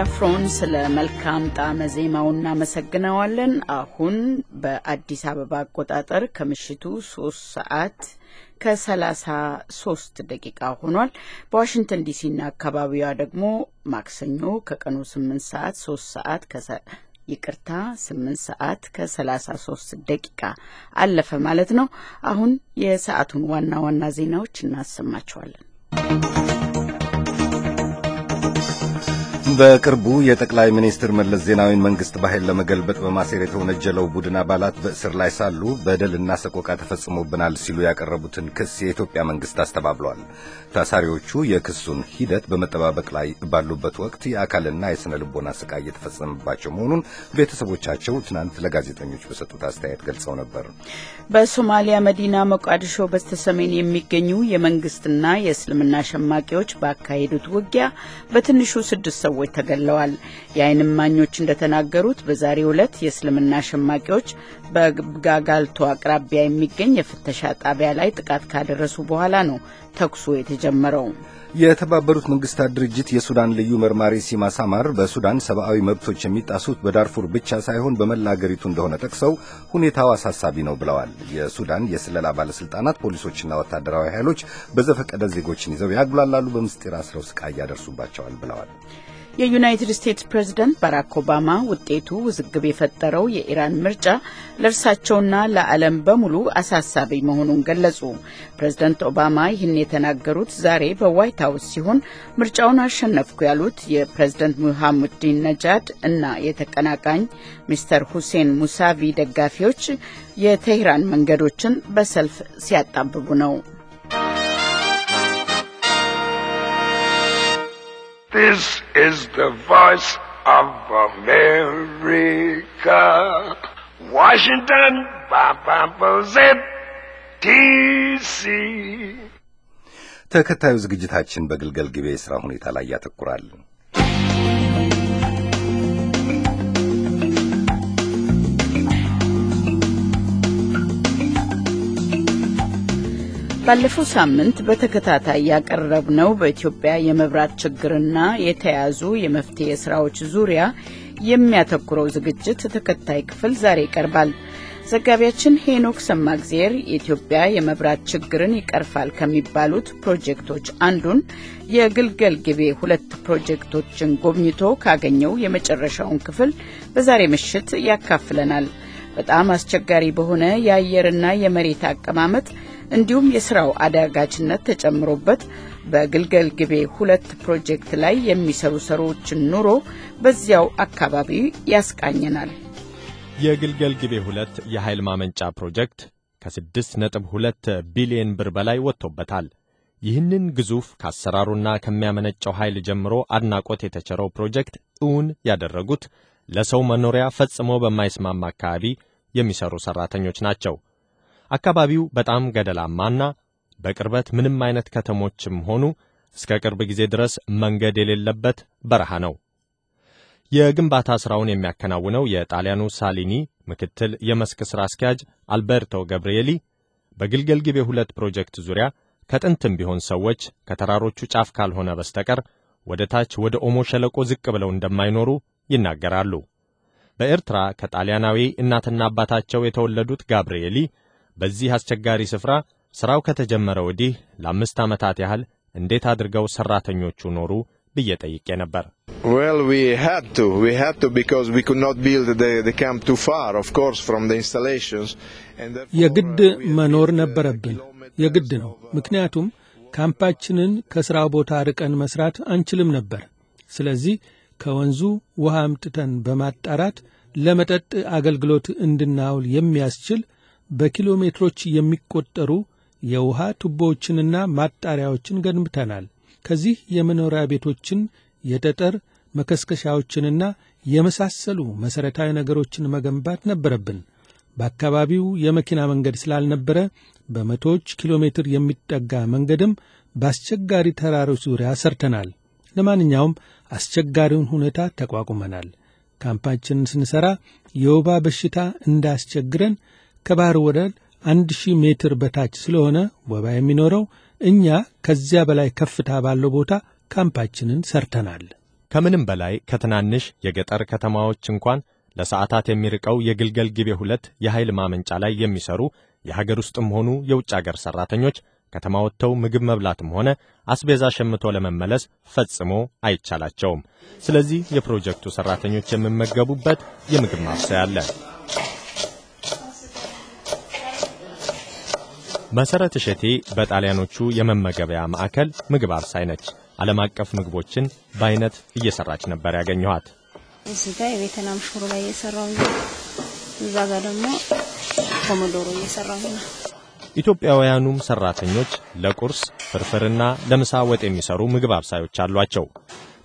ዲያፍሮን ስለ መልካም ጣዕመ ዜማው እናመሰግነዋለን። አሁን በአዲስ አበባ አቆጣጠር ከምሽቱ ሶስት ሰዓት ከሰላሳ ሶስት ደቂቃ ሆኗል። በዋሽንግተን ዲሲና አካባቢዋ ደግሞ ማክሰኞ ከቀኑ ስምንት ሰዓት ሶስት ሰዓት ይቅርታ ስምንት ሰዓት ከሰላሳ ሶስት ደቂቃ አለፈ ማለት ነው። አሁን የሰዓቱን ዋና ዋና ዜናዎች እናሰማቸዋለን። በቅርቡ የጠቅላይ ሚኒስትር መለስ ዜናዊን መንግስት በኃይል ለመገልበጥ በማሴር የተወነጀለው ቡድን አባላት በእስር ላይ ሳሉ በደልና ሰቆቃ ተፈጽሞብናል ሲሉ ያቀረቡትን ክስ የኢትዮጵያ መንግስት አስተባብሏል። ታሳሪዎቹ የክሱን ሂደት በመጠባበቅ ላይ ባሉበት ወቅት የአካልና የሥነ ልቦና ስቃይ እየተፈጸመባቸው መሆኑን ቤተሰቦቻቸው ትናንት ለጋዜጠኞች በሰጡት አስተያየት ገልጸው ነበር። በሶማሊያ መዲና ሞቃዲሾ በስተሰሜን የሚገኙ የመንግስትና የእስልምና ሸማቂዎች ባካሄዱት ውጊያ በትንሹ ስድስት ሰዎች ተገለዋል። የዓይን እማኞች እንደተናገሩት በዛሬው ዕለት የእስልምና ሸማቂዎች በጋጋልቶ አቅራቢያ የሚገኝ የፍተሻ ጣቢያ ላይ ጥቃት ካደረሱ በኋላ ነው ተኩሱ የጀመረው። የተባበሩት መንግስታት ድርጅት የሱዳን ልዩ መርማሪ ሲማ ሳማር በሱዳን ሰብአዊ መብቶች የሚጣሱት በዳርፉር ብቻ ሳይሆን በመላ አገሪቱ እንደሆነ ጠቅሰው ሁኔታው አሳሳቢ ነው ብለዋል። የሱዳን የስለላ ባለስልጣናት ፖሊሶችና ወታደራዊ ኃይሎች በዘፈቀደ ዜጎችን ይዘው ያጉላላሉ፣ በምስጢር አስረው ስቃይ ያደርሱባቸዋል ብለዋል። የዩናይትድ ስቴትስ ፕሬዝደንት ባራክ ኦባማ ውጤቱ ውዝግብ የፈጠረው የኢራን ምርጫ ለእርሳቸውና ለዓለም በሙሉ አሳሳቢ መሆኑን ገለጹ። ፕሬዝደንት ኦባማ ይህን የተናገሩት ዛሬ በዋይት ሀውስ ሲሆን ምርጫውን አሸነፍኩ ያሉት የፕሬዝደንት ሙሐመዲን ነጃድ እና የተቀናቃኝ ሚስተር ሁሴን ሙሳቪ ደጋፊዎች የቴህራን መንገዶችን በሰልፍ ሲያጣብቡ ነው። This is the voice of America. Washington, Zip, ዲሲ ተከታዩ ዝግጅታችን በግልገል ግቤ የሥራ ሁኔታ ላይ ያተኩራል። ባለፈው ሳምንት በተከታታይ ያቀረብነው በኢትዮጵያ የመብራት ችግርና የተያዙ የመፍትሄ ስራዎች ዙሪያ የሚያተኩረው ዝግጅት ተከታይ ክፍል ዛሬ ይቀርባል። ዘጋቢያችን ሄኖክ ሰማግዜር የኢትዮጵያ የመብራት ችግርን ይቀርፋል ከሚባሉት ፕሮጀክቶች አንዱን የግልገል ግቤ ሁለት ፕሮጀክቶችን ጎብኝቶ ካገኘው የመጨረሻውን ክፍል በዛሬ ምሽት ያካፍለናል። በጣም አስቸጋሪ በሆነ የአየርና የመሬት አቀማመጥ እንዲሁም የስራው አዳጋችነት ተጨምሮበት በግልገል ግቤ ሁለት ፕሮጀክት ላይ የሚሰሩ ሰሮችን ኑሮ በዚያው አካባቢ ያስቃኘናል። የግልገል ግቤ ሁለት የኃይል ማመንጫ ፕሮጀክት ከ6.2 ቢሊዮን ብር በላይ ወጥቶበታል። ይህንን ግዙፍ ከአሰራሩና ከሚያመነጨው ኃይል ጀምሮ አድናቆት የተቸረው ፕሮጀክት እውን ያደረጉት ለሰው መኖሪያ ፈጽሞ በማይስማማ አካባቢ የሚሰሩ ሠራተኞች ናቸው። አካባቢው በጣም ገደላማና በቅርበት ምንም አይነት ከተሞችም ሆኑ እስከ ቅርብ ጊዜ ድረስ መንገድ የሌለበት በረሃ ነው። የግንባታ ሥራውን የሚያከናውነው የጣሊያኑ ሳሊኒ ምክትል የመስክ ሥራ አስኪያጅ አልበርቶ ገብርኤሊ በግልገል ጊቤ ሁለት ፕሮጀክት ዙሪያ ከጥንትም ቢሆን ሰዎች ከተራሮቹ ጫፍ ካልሆነ በስተቀር ወደ ታች ወደ ኦሞ ሸለቆ ዝቅ ብለው እንደማይኖሩ ይናገራሉ። በኤርትራ ከጣሊያናዊ እናትና አባታቸው የተወለዱት ጋብርኤሊ በዚህ አስቸጋሪ ስፍራ ሥራው ከተጀመረ ወዲህ ለአምስት ዓመታት ያህል እንዴት አድርገው ሠራተኞቹ ኖሩ ብዬ ጠይቄ ነበር። የግድ uh, መኖር ነበረብን። የግድ ነው። ምክንያቱም ካምፓችንን ከሥራ ቦታ ርቀን መሥራት አንችልም ነበር። ስለዚህ ከወንዙ ውሃ አምጥተን በማጣራት ለመጠጥ አገልግሎት እንድናውል የሚያስችል በኪሎ ሜትሮች የሚቆጠሩ የውሃ ቱቦዎችንና ማጣሪያዎችን ገንብተናል። ከዚህ የመኖሪያ ቤቶችን፣ የጠጠር መከስከሻዎችንና የመሳሰሉ መሠረታዊ ነገሮችን መገንባት ነበረብን። በአካባቢው የመኪና መንገድ ስላልነበረ በመቶዎች ኪሎ ሜትር የሚጠጋ መንገድም በአስቸጋሪ ተራሮች ዙሪያ ሰርተናል። ለማንኛውም አስቸጋሪውን ሁኔታ ተቋቁመናል። ካምፓችንን ስንሠራ የወባ በሽታ እንዳስቸግረን። ከባህር ወለል አንድ ሺህ ሜትር በታች ስለሆነ ወባ የሚኖረው እኛ ከዚያ በላይ ከፍታ ባለው ቦታ ካምፓችንን ሰርተናል። ከምንም በላይ ከትናንሽ የገጠር ከተማዎች እንኳን ለሰዓታት የሚርቀው የግልገል ጊቤ ሁለት የኃይል ማመንጫ ላይ የሚሰሩ የሀገር ውስጥም ሆኑ የውጭ አገር ሠራተኞች ከተማ ወጥተው ምግብ መብላትም ሆነ አስቤዛ ሸምቶ ለመመለስ ፈጽሞ አይቻላቸውም። ስለዚህ የፕሮጀክቱ ሠራተኞች የሚመገቡበት የምግብ ማብሰያ አለ። መሰረት እሸቴ በጣሊያኖቹ የመመገቢያ ማዕከል ምግብ አብሳይ ነች። ዓለም አቀፍ ምግቦችን በአይነት እየሰራች ነበር ያገኘኋት። እዚህ ጋር የቬትናም ላይ እየሰራው ነው። እዛ ጋር ደግሞ ኮሞዶሮ እየሰራው ነው። ኢትዮጵያውያኑም ሰራተኞች ለቁርስ ፍርፍርና ለምሳ ወጥ የሚሰሩ ምግብ አብሳዮች አሏቸው።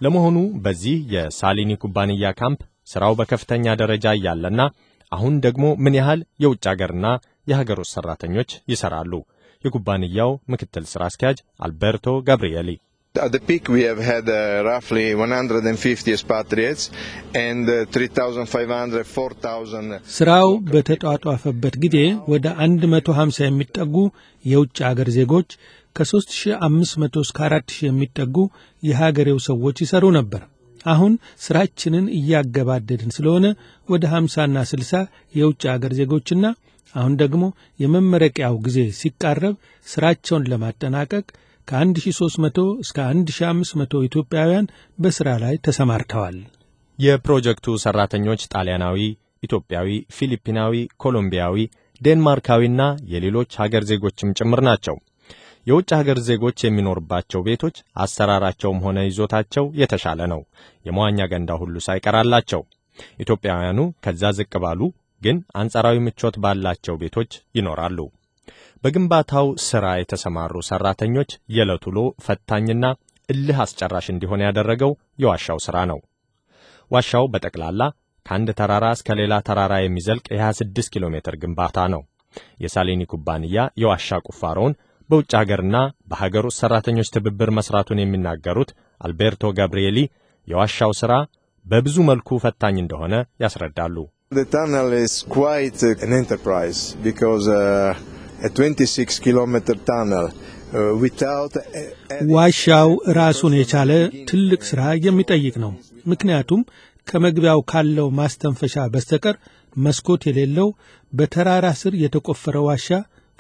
ለመሆኑ በዚህ የሳሊኒ ኩባንያ ካምፕ ስራው በከፍተኛ ደረጃ እያለና አሁን ደግሞ ምን ያህል የውጭ አገርና የሀገር ውስጥ ሰራተኞች ይሰራሉ የኩባንያው ምክትል ስራ አስኪያጅ አልበርቶ ጋብርኤሊ At the peak, we have had uh, roughly 150 expatriates and uh, 3,500, 4,000. ስራው በተጧጧፈበት ጊዜ ወደ 150 የሚጠጉ የውጭ አገር ዜጎች ከ3500 እስከ 4000 የሚጠጉ የሀገሬው ሰዎች ይሰሩ ነበር። አሁን ስራችንን እያገባደድን ስለሆነ ወደ 50ና 60 የውጭ አገር ዜጎችና አሁን ደግሞ የመመረቂያው ጊዜ ሲቃረብ ስራቸውን ለማጠናቀቅ ከ1300 እስከ 1500 ኢትዮጵያውያን በሥራ ላይ ተሰማርተዋል። የፕሮጀክቱ ሠራተኞች ጣሊያናዊ፣ ኢትዮጵያዊ፣ ፊሊፒናዊ፣ ኮሎምቢያዊ፣ ዴንማርካዊና የሌሎች ሀገር ዜጎችም ጭምር ናቸው። የውጭ ሀገር ዜጎች የሚኖርባቸው ቤቶች አሰራራቸውም ሆነ ይዞታቸው የተሻለ ነው። የመዋኛ ገንዳ ሁሉ ሳይቀር አላቸው። ኢትዮጵያውያኑ ከዛ ዝቅ ባሉ ግን አንጻራዊ ምቾት ባላቸው ቤቶች ይኖራሉ። በግንባታው ሥራ የተሰማሩ ሠራተኞች የዕለት ውሎ ፈታኝና እልህ አስጨራሽ እንዲሆን ያደረገው የዋሻው ሥራ ነው። ዋሻው በጠቅላላ ከአንድ ተራራ እስከ ሌላ ተራራ የሚዘልቅ የ26 ኪሎ ሜትር ግንባታ ነው። የሳሊኒ ኩባንያ የዋሻ ቁፋሮውን በውጭ አገርና በሀገር ውስጥ ሠራተኞች ትብብር መሥራቱን የሚናገሩት አልቤርቶ ጋብርኤሊ የዋሻው ሥራ በብዙ መልኩ ፈታኝ እንደሆነ ያስረዳሉ። The tunnel is quite an enterprise because uh, a 26 kilometer tunnel uh, ዋሻው ራሱን የቻለ ትልቅ ሥራ የሚጠይቅ ነው። ምክንያቱም ከመግቢያው ካለው ማስተንፈሻ በስተቀር መስኮት የሌለው በተራራ ስር የተቆፈረ ዋሻ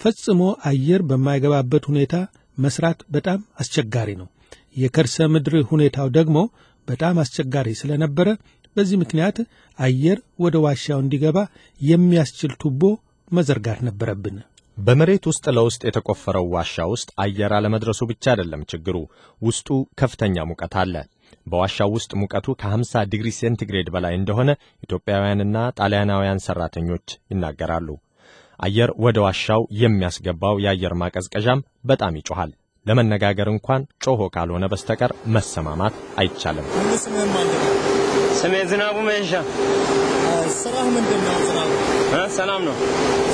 ፈጽሞ አየር በማይገባበት ሁኔታ መስራት በጣም አስቸጋሪ ነው። የከርሰ ምድር ሁኔታው ደግሞ በጣም አስቸጋሪ ስለነበረ በዚህ ምክንያት አየር ወደ ዋሻው እንዲገባ የሚያስችል ቱቦ መዘርጋት ነበረብን። በመሬት ውስጥ ለውስጥ የተቆፈረው ዋሻ ውስጥ አየር አለመድረሱ ብቻ አይደለም ችግሩ፣ ውስጡ ከፍተኛ ሙቀት አለ። በዋሻው ውስጥ ሙቀቱ ከ50 ዲግሪ ሴንቲግሬድ በላይ እንደሆነ ኢትዮጵያውያንና ጣሊያናውያን ሠራተኞች ይናገራሉ። አየር ወደ ዋሻው የሚያስገባው የአየር ማቀዝቀዣም በጣም ይጮኋል። ለመነጋገር እንኳን ጮሆ ካልሆነ በስተቀር መሰማማት አይቻልም። ስሜ ዝናቡ መንሻ። ስራ ምንድን ነው ዝናቡ? ሰላም ነው።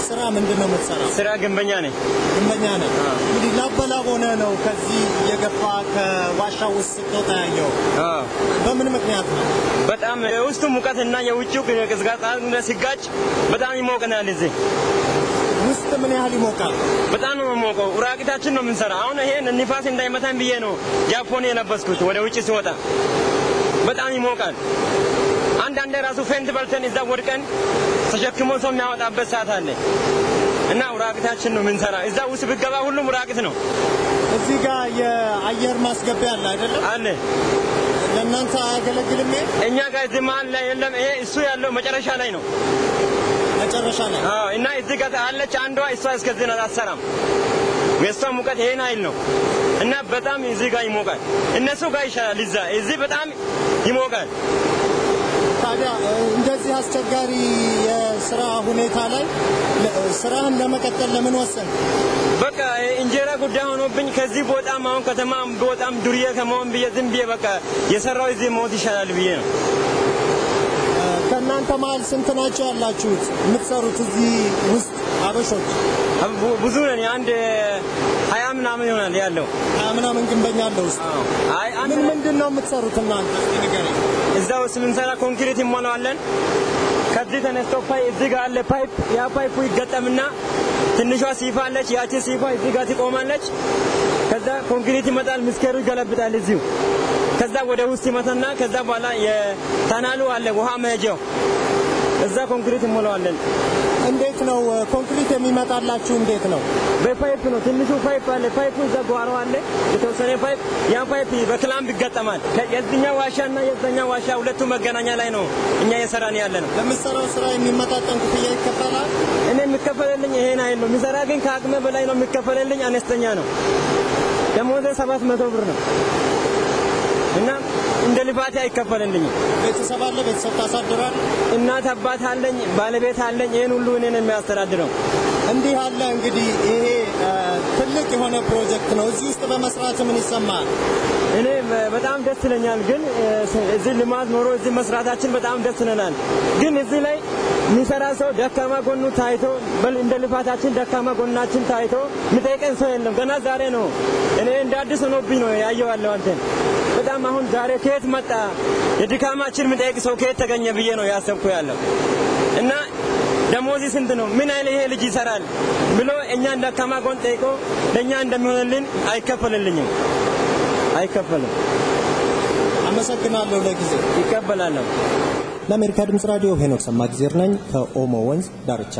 ስራ ምንድን ነው የምትሰራው? ስራ ግንበኛ ነኝ። ግንበኛ ነኝ። እንግዲህ ላብ በላብ ነው ከዚህ የገባ ከዋሻው ውስጥ ስትወጣ ያየው። በምን ምክንያት ነው? በጣም የውስጡ እና የውጭው ቅዝቃዜ ሲጋጭ በጣም ይሞቀናል እዚህ ውስጥ ምን ያህል ይሞቃል? በጣም ነው የምሞቀው። ራቂታችን ነው የምንሰራ። አሁን ይሄን ንፋስ እንዳይመታን ብዬ ነው ጃፖን የለበስኩት ወደ ውጭ ሲወጣ በጣም ይሞቃል። አንዳንድ ራሱ ፌንት በልተን እዛ ወድቀን ተሸክሞ ሰው የሚያወጣበት ሰዓት አለ እና ውራቅታችን ነው የምንሰራ። እዛ ውስጥ ብትገባ ሁሉም ውራቅት ነው። እዚህ ጋር የአየር ማስገቢያ አለ አይደለም? አለ። ለእናንተ አያገለግልም? እኛ ጋር እዚህ መሀል ላይ የለም። ይሄ እሱ ያለው መጨረሻ ላይ ነው መጨረሻ ላይ እና እዚህ ጋር አለች አንዷ። እሷ እስከዚህ አትሰራም። የእሷ ሙቀት ይሄን አይል ነው። እና በጣም እዚህ ጋር ይሞቃል። እነሱ ጋር ይሻላል እዛ፣ እዚህ በጣም ይሞቃል። ታዲያ እንደዚህ አስቸጋሪ የስራ ሁኔታ ላይ ስራህን ለመቀጠል ለምን ወሰን? በቃ እንጀራ ጉዳይ ሆኖብኝ ከዚህ በጣም አሁን ከተማ በጣም ዱርዬ ከመሆን ብዬ ዝም ብዬ በቃ የሰራው እዚህ ሞት ይሻላል ብዬ ነው። ከእናንተ መሀል ስንት ናቸው ያላችሁት የምትሰሩት እዚህ ውስጥ አበሾች? ብዙ ነን። አንድ ምናምን ይሆናል ያለው ሀያ ምናምን ግንበኛ አለው ውስጥ። አይ ምን ምንድን ነው የምትሰሩት እናንተ? እዛው ስምንሰራ ኮንክሪት ይሞላዋለን። ከዚህ ተነስቶ ፓይ እዚህ ጋር አለ ፓይፕ። ያ ፓይፑ ይገጠምና ትንሿ ሲፋ አለች። ያቺ ሲፋ እዚህ ጋር ትቆማለች። ከዛ ኮንክሪት ይመጣል፣ ምስከሩ ይገለብጣል እዚሁ። ከዛ ወደ ውስጥ ይመጣና ከዛ በኋላ የተናሉ አለ ውሃ መሄጃው እዛ ኮንክሪት ይሞላዋለን። እንዴት ነው ኮንክሪት የሚመጣላችሁ? እንዴት ነው? በፓይፕ ነው። ትንሹ ፓይፕ አለ። ፓይፑ እዛ ጓሮ አለ የተወሰነ ፓይፕ። ያን ፓይፕ በክላምብ ይገጠማል። የዚኛ እና የዛኛ ዋሻ ሁለቱ መገናኛ ላይ ነው እኛ የሰራን ያለ ነው። ለምሰራው ስራ የሚመጣጠን ክፍያ ይከፈላል። እኔ የሚከፈልልኝ ይሄን አይል ነው የሚሰራ ግን ከአቅመ በላይ ነው የሚከፈልልኝ። አነስተኛ ነው ደሞዜ ሰባት መቶ ብር ነው። እና እንደ ልፋት አይከፈልልኝ። ቤተሰብ አለ፣ ቤተሰብ ታሳድራል። እናት አባት አለኝ፣ ባለቤት አለኝ። ይህን ሁሉ እኔን የሚያስተዳድረው እንዲህ አለ። እንግዲህ ይሄ ትልቅ የሆነ ፕሮጀክት ነው። እዚህ ውስጥ በመስራት ምን ይሰማል? እኔ በጣም ደስ ይለኛል። ግን እዚህ ልማት ኖሮ እዚህ መስራታችን በጣም ደስ ይለናል። ግን እዚህ ላይ የሚሰራ ሰው ደካማ ጎኑ ታይቶ እንደ ልፋታችን ደካማ ጎናችን ታይቶ የሚጠይቀን ሰው የለም። ገና ዛሬ ነው እኔ እንደ አዲስ ሆኖብኝ ነው ያየዋለሁ አንተን አዳም አሁን ዛሬ ከየት መጣ የድካማችን ምጠይቅ ሰው ከየት ተገኘ ብዬ ነው ያሰብኩ ያለው እና ደሞዚ ስንት ነው? ምን ያህል ይሄ ልጅ ይሰራል ብሎ እኛ እንዳካማ ጎን ጠይቆ ለእኛ እንደሚሆንልን አይከፈልልኝም፣ አይከፈልም። አመሰግናለሁ። ለጊዜ ይቀበላለሁ። ለአሜሪካ ድምፅ ራዲዮ ሄኖክ ጊዜር ነኝ ከኦሞ ወንዝ ዳርቻ።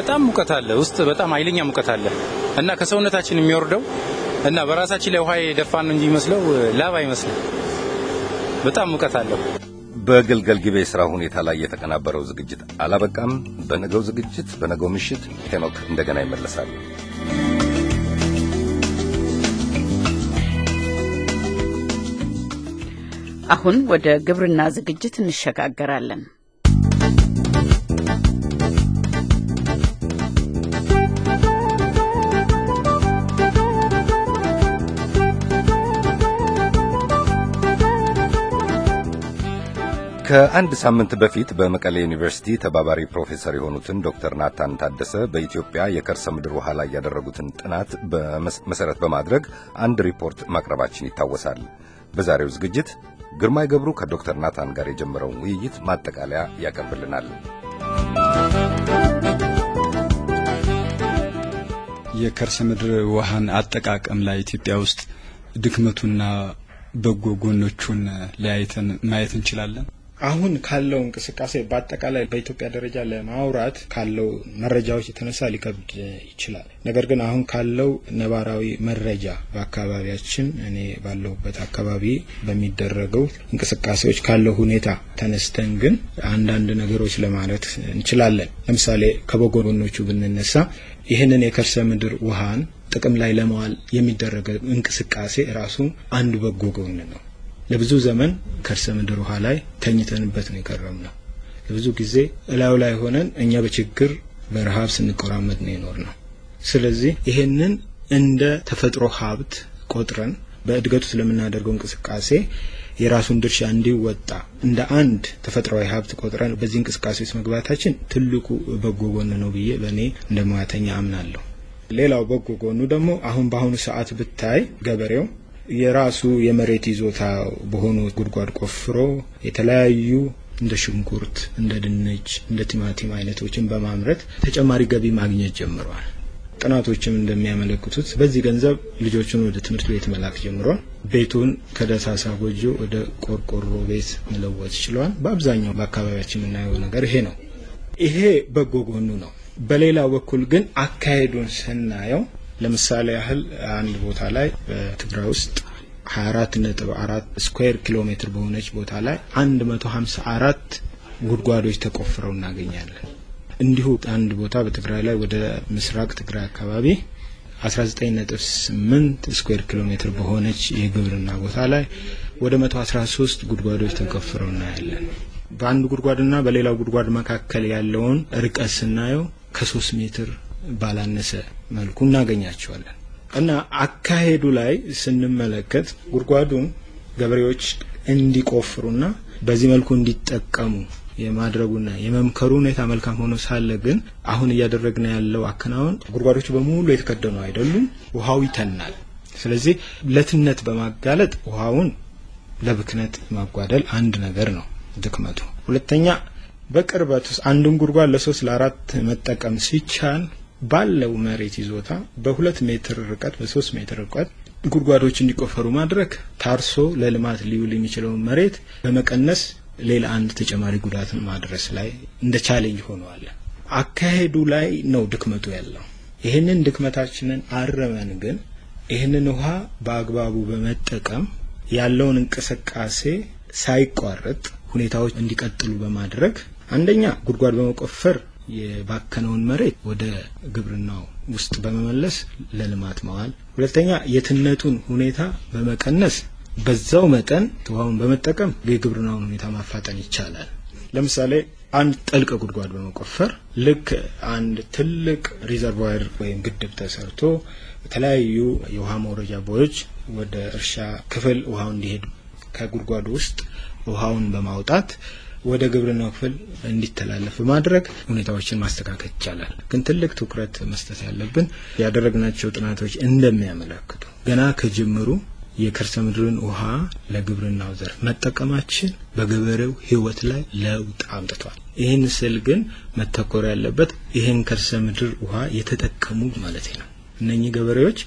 በጣም ሙቀት አለ ውስጥ፣ በጣም አይለኛ ሙቀት አለ። እና ከሰውነታችን የሚወርደው እና በራሳችን ላይ ውሃ የደፋን እንጂ ይመስለው ላብ አይመስልም። በጣም ሙቀት አለው። በግልገል ጊቤ የሥራ ሁኔታ ላይ የተቀናበረው ዝግጅት አላበቃም። በነገው ዝግጅት በነገው ምሽት ሄኖክ እንደገና ይመለሳል። አሁን ወደ ግብርና ዝግጅት እንሸጋገራለን። ከአንድ ሳምንት በፊት በመቀሌ ዩኒቨርሲቲ ተባባሪ ፕሮፌሰር የሆኑትን ዶክተር ናታን ታደሰ በኢትዮጵያ የከርሰ ምድር ውሃ ላይ ያደረጉትን ጥናት መሰረት በማድረግ አንድ ሪፖርት ማቅረባችን ይታወሳል። በዛሬው ዝግጅት ግርማይ ገብሩ ከዶክተር ናታን ጋር የጀመረውን ውይይት ማጠቃለያ ያቀርብልናል። የከርሰ ምድር ውሃን አጠቃቀም ላይ ኢትዮጵያ ውስጥ ድክመቱና በጎ ጎኖቹን ለያይተን ማየት እንችላለን። አሁን ካለው እንቅስቃሴ በአጠቃላይ በኢትዮጵያ ደረጃ ለማውራት ካለው መረጃዎች የተነሳ ሊከብድ ይችላል። ነገር ግን አሁን ካለው ነባራዊ መረጃ በአካባቢያችን እኔ ባለሁበት አካባቢ በሚደረገው እንቅስቃሴዎች ካለው ሁኔታ ተነስተን ግን አንዳንድ ነገሮች ለማለት እንችላለን። ለምሳሌ ከበጎ ጎኖቹ ብንነሳ ይህንን የከርሰ ምድር ውሃን ጥቅም ላይ ለመዋል የሚደረገ እንቅስቃሴ ራሱ አንድ በጎ ጎን ነው። ለብዙ ዘመን ከርሰ ምድር ውሃ ላይ ተኝተንበት ነው ነው። ለብዙ ጊዜ እላዩ ላይ ሆነን እኛ በችግር በረሃብ ስንቆራመድ ነው ነው። ስለዚህ ይሄንን እንደ ተፈጥሮ ሀብት ቆጥረን በእድገቱ ስለምናደርገው እንቅስቃሴ የራሱን ድርሻ እንዲወጣ እንደ አንድ ተፈጥሯዊ ሀብት ቆጥረን በዚህ እንቅስቃሴ ውስጥ መግባታችን ትልቁ በጎ ጎን ነው ብዬ በእኔ እንደ ሙያተኛ አምናለሁ። ሌላው በጎ ጎኑ ደግሞ አሁን በአሁኑ ሰዓት ብታይ ገበሬው የራሱ የመሬት ይዞታ በሆኑ ጉድጓድ ቆፍሮ የተለያዩ እንደ ሽንኩርት፣ እንደ ድንች፣ እንደ ቲማቲም አይነቶችን በማምረት ተጨማሪ ገቢ ማግኘት ጀምረዋል። ጥናቶችም እንደሚያመለክቱት በዚህ ገንዘብ ልጆቹን ወደ ትምህርት ቤት መላክ ጀምሯል። ቤቱን ከደሳሳ ጎጆ ወደ ቆርቆሮ ቤት መለወጥ ችሏል። በአብዛኛው በአካባቢያችን የምናየው ነገር ይሄ ነው። ይሄ በጎ ጎኑ ነው። በሌላ በኩል ግን አካሄዱን ስናየው ለምሳሌ ያህል አንድ ቦታ ላይ በትግራይ ውስጥ 24 ነጥብ 4 ስኩዌር ኪሎ ሜትር በሆነች ቦታ ላይ 154 ጉድጓዶች ተቆፍረው እናገኛለን። እንዲሁ አንድ ቦታ በትግራይ ላይ ወደ ምስራቅ ትግራይ አካባቢ 19.8 ስኩዌር ኪሎ ሜትር በሆነች የግብርና ቦታ ላይ ወደ 113 ጉድጓዶች ተቆፍረው እናያለን። በአንድ ጉድጓድና በሌላው ጉድጓድ መካከል ያለውን ርቀት ስናየው ከ3 ሜትር ባላነሰ መልኩ እናገኛቸዋለን እና አካሄዱ ላይ ስንመለከት ጉድጓዱን ገበሬዎች እንዲቆፍሩና በዚህ መልኩ እንዲጠቀሙ የማድረጉና የመምከሩ ሁኔታ መልካም ሆኖ ሳለ ግን አሁን እያደረግን ያለው አከናወን ጉድጓዶቹ በሙሉ የተከደኑ አይደሉም። ውሃው ይተናል። ስለዚህ ለትነት በማጋለጥ ውሃውን ለብክነት ማጓደል አንድ ነገር ነው ድክመቱ። ሁለተኛ በቅርበት ውስጥ አንድን ጉድጓድ ለሶስት ለአራት መጠቀም ሲቻል ባለው መሬት ይዞታ በሁለት ሜትር ርቀት በሶስት ሜትር ርቀት ጉድጓዶች እንዲቆፈሩ ማድረግ ታርሶ ለልማት ሊውል የሚችለውን መሬት በመቀነስ ሌላ አንድ ተጨማሪ ጉዳትን ማድረስ ላይ እንደ ቻሌንጅ ሆነዋል። አካሄዱ ላይ ነው ድክመቱ ያለው። ይህንን ድክመታችንን አረመን ግን ይህንን ውሃ በአግባቡ በመጠቀም ያለውን እንቅስቃሴ ሳይቋረጥ ሁኔታዎች እንዲቀጥሉ በማድረግ አንደኛ ጉድጓድ በመቆፈር የባከነውን መሬት ወደ ግብርናው ውስጥ በመመለስ ለልማት መዋል፣ ሁለተኛ የትነቱን ሁኔታ በመቀነስ በዛው መጠን ውሃውን በመጠቀም የግብርናውን ሁኔታ ማፋጠን ይቻላል። ለምሳሌ አንድ ጥልቅ ጉድጓድ በመቆፈር ልክ አንድ ትልቅ ሪዘርቫየር ወይም ግድብ ተሰርቶ የተለያዩ የውሃ መውረጃ ቦዮች ወደ እርሻ ክፍል ውሃው እንዲሄድ ከጉድጓዱ ውስጥ ውሃውን በማውጣት ወደ ግብርናው ክፍል እንዲተላለፍ በማድረግ ሁኔታዎችን ማስተካከል ይቻላል። ግን ትልቅ ትኩረት መስጠት ያለብን ያደረግናቸው ጥናቶች እንደሚያመለክቱ ገና ከጅምሩ የከርሰ ምድርን ውሃ ለግብርናው ዘርፍ መጠቀማችን በገበሬው ሕይወት ላይ ለውጥ አምጥቷል። ይህን ስል ግን መተኮር ያለበት ይህን ከርሰ ምድር ውሃ የተጠቀሙ ማለት ነው። እነኚህ ገበሬዎች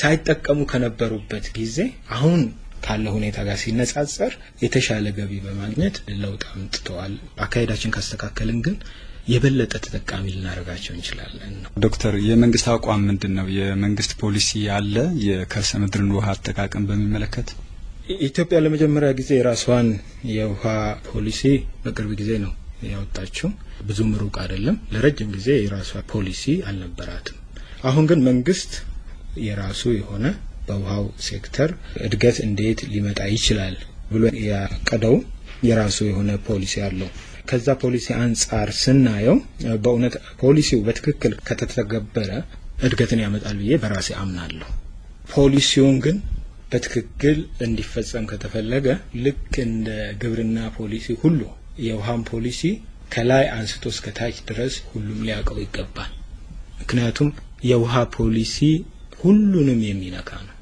ሳይጠቀሙ ከነበሩበት ጊዜ አሁን ካለ ሁኔታ ጋር ሲነጻጸር የተሻለ ገቢ በማግኘት ለውጥ አምጥተዋል። አካሄዳችን ካስተካከልን ግን የበለጠ ተጠቃሚ ልናደርጋቸው እንችላለን ነው። ዶክተር የመንግስት አቋም ምንድን ነው? የመንግስት ፖሊሲ አለ የከርሰ ምድርን ውሃ አጠቃቀም በሚመለከት? ኢትዮጵያ ለመጀመሪያ ጊዜ የራሷን የውሃ ፖሊሲ በቅርብ ጊዜ ነው ያወጣችው። ብዙም ሩቅ አይደለም። ለረጅም ጊዜ የራሷ ፖሊሲ አልነበራትም። አሁን ግን መንግስት የራሱ የሆነ በውሃው ሴክተር እድገት እንዴት ሊመጣ ይችላል ብሎ ያቀደው የራሱ የሆነ ፖሊሲ አለው። ከዛ ፖሊሲ አንጻር ስናየው በእውነት ፖሊሲው በትክክል ከተተገበረ እድገትን ያመጣል ብዬ በራሴ አምናለሁ። ፖሊሲውን ግን በትክክል እንዲፈጸም ከተፈለገ ልክ እንደ ግብርና ፖሊሲ ሁሉ የውሃን ፖሊሲ ከላይ አንስቶ እስከ ታች ድረስ ሁሉም ሊያውቀው ይገባል። ምክንያቱም የውሃ ፖሊሲ ሁሉንም የሚነካ ነው።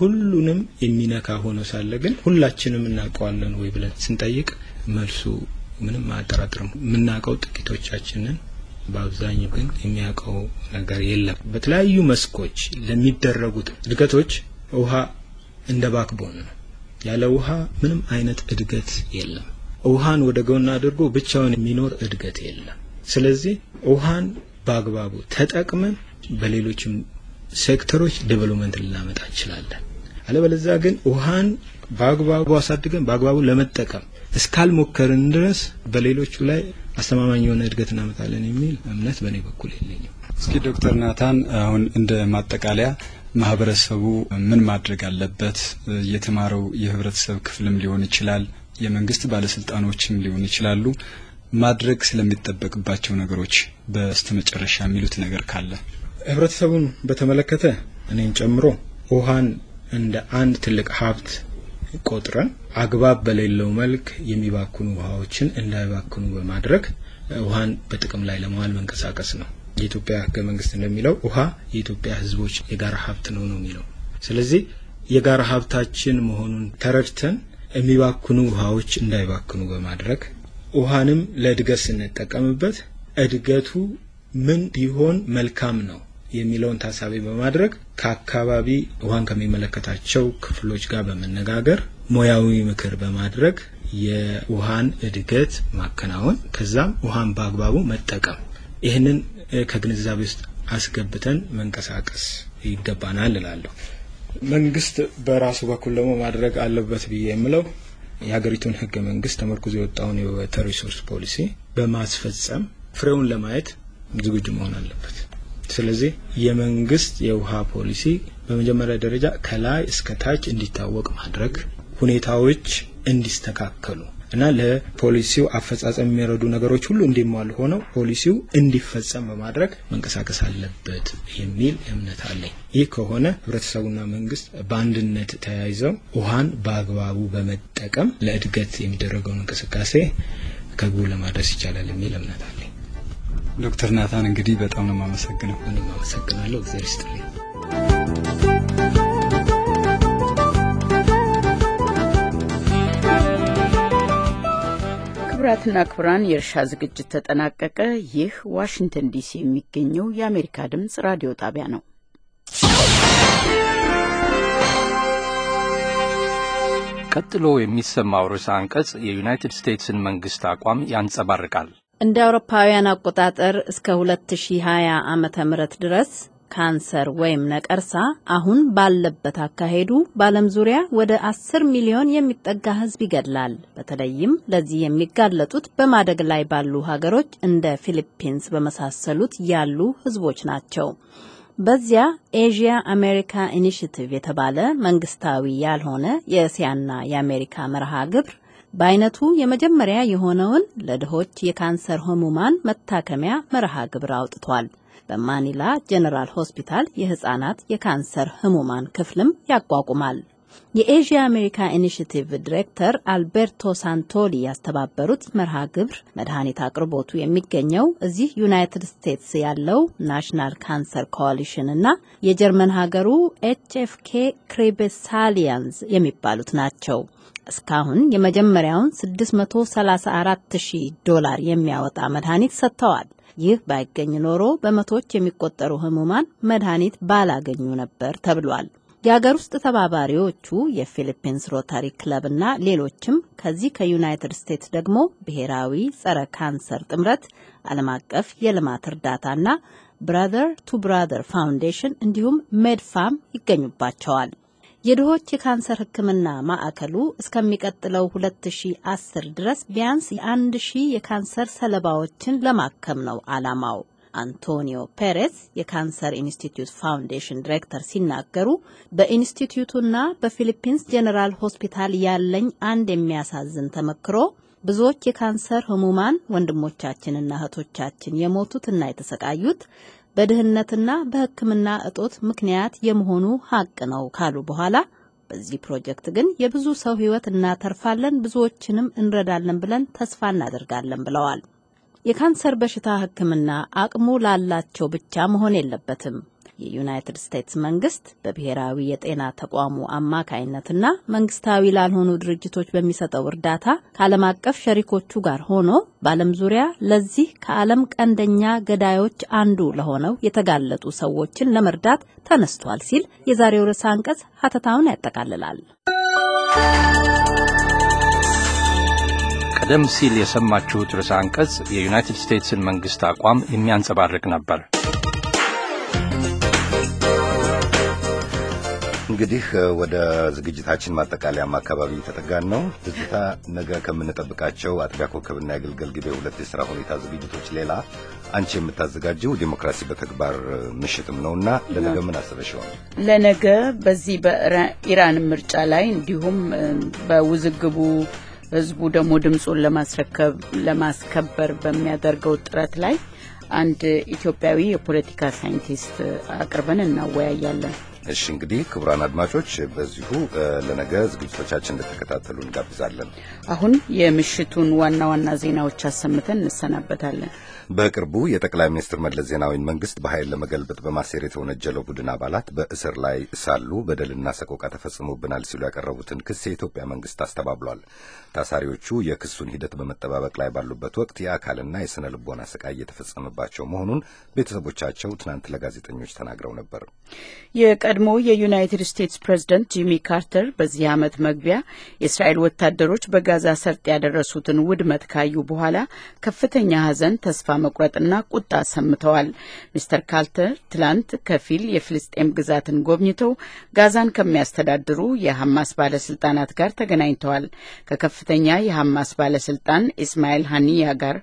ሁሉንም የሚነካ ሆኖ ሳለ ግን ሁላችንም እናውቀዋለን ወይ ብለን ስንጠይቅ መልሱ ምንም አያጠራጥርም። የምናውቀው ጥቂቶቻችንን በአብዛኛው ግን የሚያውቀው ነገር የለም። በተለያዩ መስኮች ለሚደረጉት እድገቶች ውሃ እንደ ባክቦን ነው። ያለ ውሃ ምንም አይነት እድገት የለም። ውሃን ወደ ጎን አድርጎ ብቻውን የሚኖር እድገት የለም። ስለዚህ ውሃን በአግባቡ ተጠቅመን በሌሎችም ሴክተሮች ዴቨሎፕመንት ልናመጣ እንችላለን። አለበለዚያ ግን ውሃን በአግባቡ አሳድገን በአግባቡ ለመጠቀም እስካልሞከርን ድረስ በሌሎቹ ላይ አስተማማኝ የሆነ እድገት እናመጣለን የሚል እምነት በእኔ በኩል የለኝም። እስኪ ዶክተር ናታን አሁን እንደ ማጠቃለያ ማህበረሰቡ ምን ማድረግ አለበት? የተማረው የህብረተሰብ ክፍልም ሊሆን ይችላል፣ የመንግስት ባለስልጣኖችም ሊሆን ይችላሉ። ማድረግ ስለሚጠበቅባቸው ነገሮች በስተመጨረሻ የሚሉት ነገር ካለ ህብረተሰቡን በተመለከተ እኔን ጨምሮ ውሃን እንደ አንድ ትልቅ ሀብት ቆጥረን አግባብ በሌለው መልክ የሚባክኑ ውሃዎችን እንዳይባክኑ በማድረግ ውሃን በጥቅም ላይ ለመዋል መንቀሳቀስ ነው። የኢትዮጵያ ህገ መንግስት እንደሚለው ውሃ የኢትዮጵያ ህዝቦች የጋራ ሀብት ነው ነው የሚለው። ስለዚህ የጋራ ሀብታችን መሆኑን ተረድተን የሚባክኑ ውሃዎች እንዳይባክኑ በማድረግ ውሃንም ለእድገት ስንጠቀምበት እድገቱ ምን ቢሆን መልካም ነው የሚለውን ታሳቢ በማድረግ ከአካባቢ ውሃን ከሚመለከታቸው ክፍሎች ጋር በመነጋገር ሙያዊ ምክር በማድረግ የውሃን እድገት ማከናወን ከዛም ውሃን በአግባቡ መጠቀም ይህንን ከግንዛቤ ውስጥ አስገብተን መንቀሳቀስ ይገባናል እላለሁ። መንግስት በራሱ በኩል ደግሞ ማድረግ አለበት ብዬ የምለው የሀገሪቱን ህገ መንግስት ተመርኩዞ የወጣውን የወተር ሪሶርስ ፖሊሲ በማስፈጸም ፍሬውን ለማየት ዝግጁ መሆን አለበት። ስለዚህ የመንግስት የውሃ ፖሊሲ በመጀመሪያ ደረጃ ከላይ እስከ ታች እንዲታወቅ ማድረግ ሁኔታዎች እንዲስተካከሉ እና ለፖሊሲው አፈጻጸም የሚረዱ ነገሮች ሁሉ እንዲሟሉ ሆነው ፖሊሲው እንዲፈጸም በማድረግ መንቀሳቀስ አለበት የሚል እምነት አለኝ። ይህ ከሆነ ህብረተሰቡና መንግስት በአንድነት ተያይዘው ውሃን በአግባቡ በመጠቀም ለእድገት የሚደረገውን እንቅስቃሴ ከግቡ ለማድረስ ይቻላል የሚል እምነት አለኝ። ዶክተር ናታን እንግዲህ በጣም ነው የማመሰግነው። እኔም አመሰግናለሁ። እግዚአብሔር ይስጥልኝ። ክቡራትና ክቡራን የእርሻ ዝግጅት ተጠናቀቀ። ይህ ዋሽንግተን ዲሲ የሚገኘው የአሜሪካ ድምፅ ራዲዮ ጣቢያ ነው። ቀጥሎ የሚሰማው ርዕሰ አንቀጽ የዩናይትድ ስቴትስን መንግስት አቋም ያንጸባርቃል። እንደ አውሮፓውያን አቆጣጠር እስከ 2020 ዓ ም ድረስ ካንሰር ወይም ነቀርሳ አሁን ባለበት አካሄዱ በዓለም ዙሪያ ወደ 10 ሚሊዮን የሚጠጋ ሕዝብ ይገድላል። በተለይም ለዚህ የሚጋለጡት በማደግ ላይ ባሉ ሀገሮች እንደ ፊሊፒንስ በመሳሰሉት ያሉ ሕዝቦች ናቸው። በዚያ ኤዥያ አሜሪካ ኢኒሽቲቭ የተባለ መንግስታዊ ያልሆነ የእስያና የአሜሪካ መርሃ ግብር በአይነቱ የመጀመሪያ የሆነውን ለድሆች የካንሰር ህሙማን መታከሚያ መርሃ ግብር አውጥቷል። በማኒላ ጄኔራል ሆስፒታል የህጻናት የካንሰር ህሙማን ክፍልም ያቋቁማል። የኤዥያ አሜሪካ ኢኒሽቲቭ ዲሬክተር አልቤርቶ ሳንቶሊ ያስተባበሩት መርሃ ግብር መድኃኒት አቅርቦቱ የሚገኘው እዚህ ዩናይትድ ስቴትስ ያለው ናሽናል ካንሰር ኮዋሊሽን እና የጀርመን ሀገሩ ኤችኤፍኬ ክሬቤሳሊያንዝ የሚባሉት ናቸው። እስካሁን የመጀመሪያውን 634 ዶላር የሚያወጣ መድኃኒት ሰጥተዋል። ይህ ባይገኝ ኖሮ በመቶዎች የሚቆጠሩ ህሙማን መድኃኒት ባላገኙ ነበር ተብሏል። የአገር ውስጥ ተባባሪዎቹ የፊሊፒንስ ሮታሪ እና ሌሎችም ከዚህ ከዩናይትድ ስቴትስ ደግሞ ብሔራዊ ጸረ ካንሰር ጥምረት፣ ዓለም አቀፍ የልማት እርዳታና ብራዘር ቱ ብራዘር ፋውንዴሽን እንዲሁም ሜድፋም ይገኙባቸዋል። የድሆች የካንሰር ሕክምና ማዕከሉ እስከሚቀጥለው 2010 ድረስ ቢያንስ የአንድ ሺህ የካንሰር ሰለባዎችን ለማከም ነው ዓላማው። አንቶኒዮ ፔሬዝ የካንሰር ኢንስቲትዩት ፋውንዴሽን ዲሬክተር ሲናገሩ በኢንስቲትዩቱና በፊሊፒንስ ጄኔራል ሆስፒታል ያለኝ አንድ የሚያሳዝን ተመክሮ ብዙዎች የካንሰር ህሙማን ወንድሞቻችንና እህቶቻችን የሞቱትና የተሰቃዩት በድህነትና በሕክምና እጦት ምክንያት የመሆኑ ሀቅ ነው ካሉ በኋላ በዚህ ፕሮጀክት ግን የብዙ ሰው ህይወት እናተርፋለን፣ ብዙዎችንም እንረዳለን ብለን ተስፋ እናደርጋለን ብለዋል። የካንሰር በሽታ ሕክምና አቅሙ ላላቸው ብቻ መሆን የለበትም። የዩናይትድ ስቴትስ መንግስት በብሔራዊ የጤና ተቋሙ አማካይነትና መንግስታዊ ላልሆኑ ድርጅቶች በሚሰጠው እርዳታ ከዓለም አቀፍ ሸሪኮቹ ጋር ሆኖ በዓለም ዙሪያ ለዚህ ከዓለም ቀንደኛ ገዳዮች አንዱ ለሆነው የተጋለጡ ሰዎችን ለመርዳት ተነስቷል ሲል የዛሬው ርዕሰ አንቀጽ ሀተታውን ያጠቃልላል። ቀደም ሲል የሰማችሁት ርዕሰ አንቀጽ የዩናይትድ ስቴትስን መንግሥት አቋም የሚያንጸባርቅ ነበር። እንግዲህ ወደ ዝግጅታችን ማጠቃለያም አካባቢ የተጠጋን ነው። ትዝታ ነገ ከምንጠብቃቸው አጥቢያ ኮከብና የግልገል ጊቤ ሁለት የሥራ ሁኔታ ዝግጅቶች ሌላ አንቺ የምታዘጋጀው ዲሞክራሲ በተግባር ምሽትም እና ለነገ ምን አስበሽዋል? ለነገ በዚህ በኢራን ምርጫ ላይ እንዲሁም በውዝግቡ ህዝቡ ደግሞ ድምፁን ለማስከበር በሚያደርገው ጥረት ላይ አንድ ኢትዮጵያዊ የፖለቲካ ሳይንቲስት አቅርበን እናወያያለን። እሺ እንግዲህ ክቡራን አድማጮች በዚሁ ለነገ ዝግጅቶቻችን እንደተከታተሉ እንጋብዛለን። አሁን የምሽቱን ዋና ዋና ዜናዎች አሰምተን እንሰናበታለን። በቅርቡ የጠቅላይ ሚኒስትር መለስ ዜናዊን መንግስት በኃይል ለመገልበጥ በማሴር የተወነጀለው ቡድን አባላት በእስር ላይ ሳሉ በደልና ሰቆቃ ተፈጽሞብናል ሲሉ ያቀረቡትን ክስ የኢትዮጵያ መንግስት አስተባብሏል። ታሳሪዎቹ የክሱን ሂደት በመጠባበቅ ላይ ባሉበት ወቅት የአካልና የሥነ ልቦና ስቃይ እየተፈጸመባቸው መሆኑን ቤተሰቦቻቸው ትናንት ለጋዜጠኞች ተናግረው ነበር። የቀድሞ የዩናይትድ ስቴትስ ፕሬዝደንት ጂሚ ካርተር በዚህ ዓመት መግቢያ የእስራኤል ወታደሮች በጋዛ ሰርጥ ያደረሱትን ውድመት ካዩ በኋላ ከፍተኛ ሐዘን፣ ተስፋ መቁረጥና ቁጣ ሰምተዋል። ሚስተር ካርተር ትላንት ከፊል የፍልስጤም ግዛትን ጎብኝተው ጋዛን ከሚያስተዳድሩ የሐማስ ባለስልጣናት ጋር ተገናኝተዋል። ከከፍ ከፍተኛ የሐማስ ባለስልጣን ኢስማኤል ሀኒያ ጋር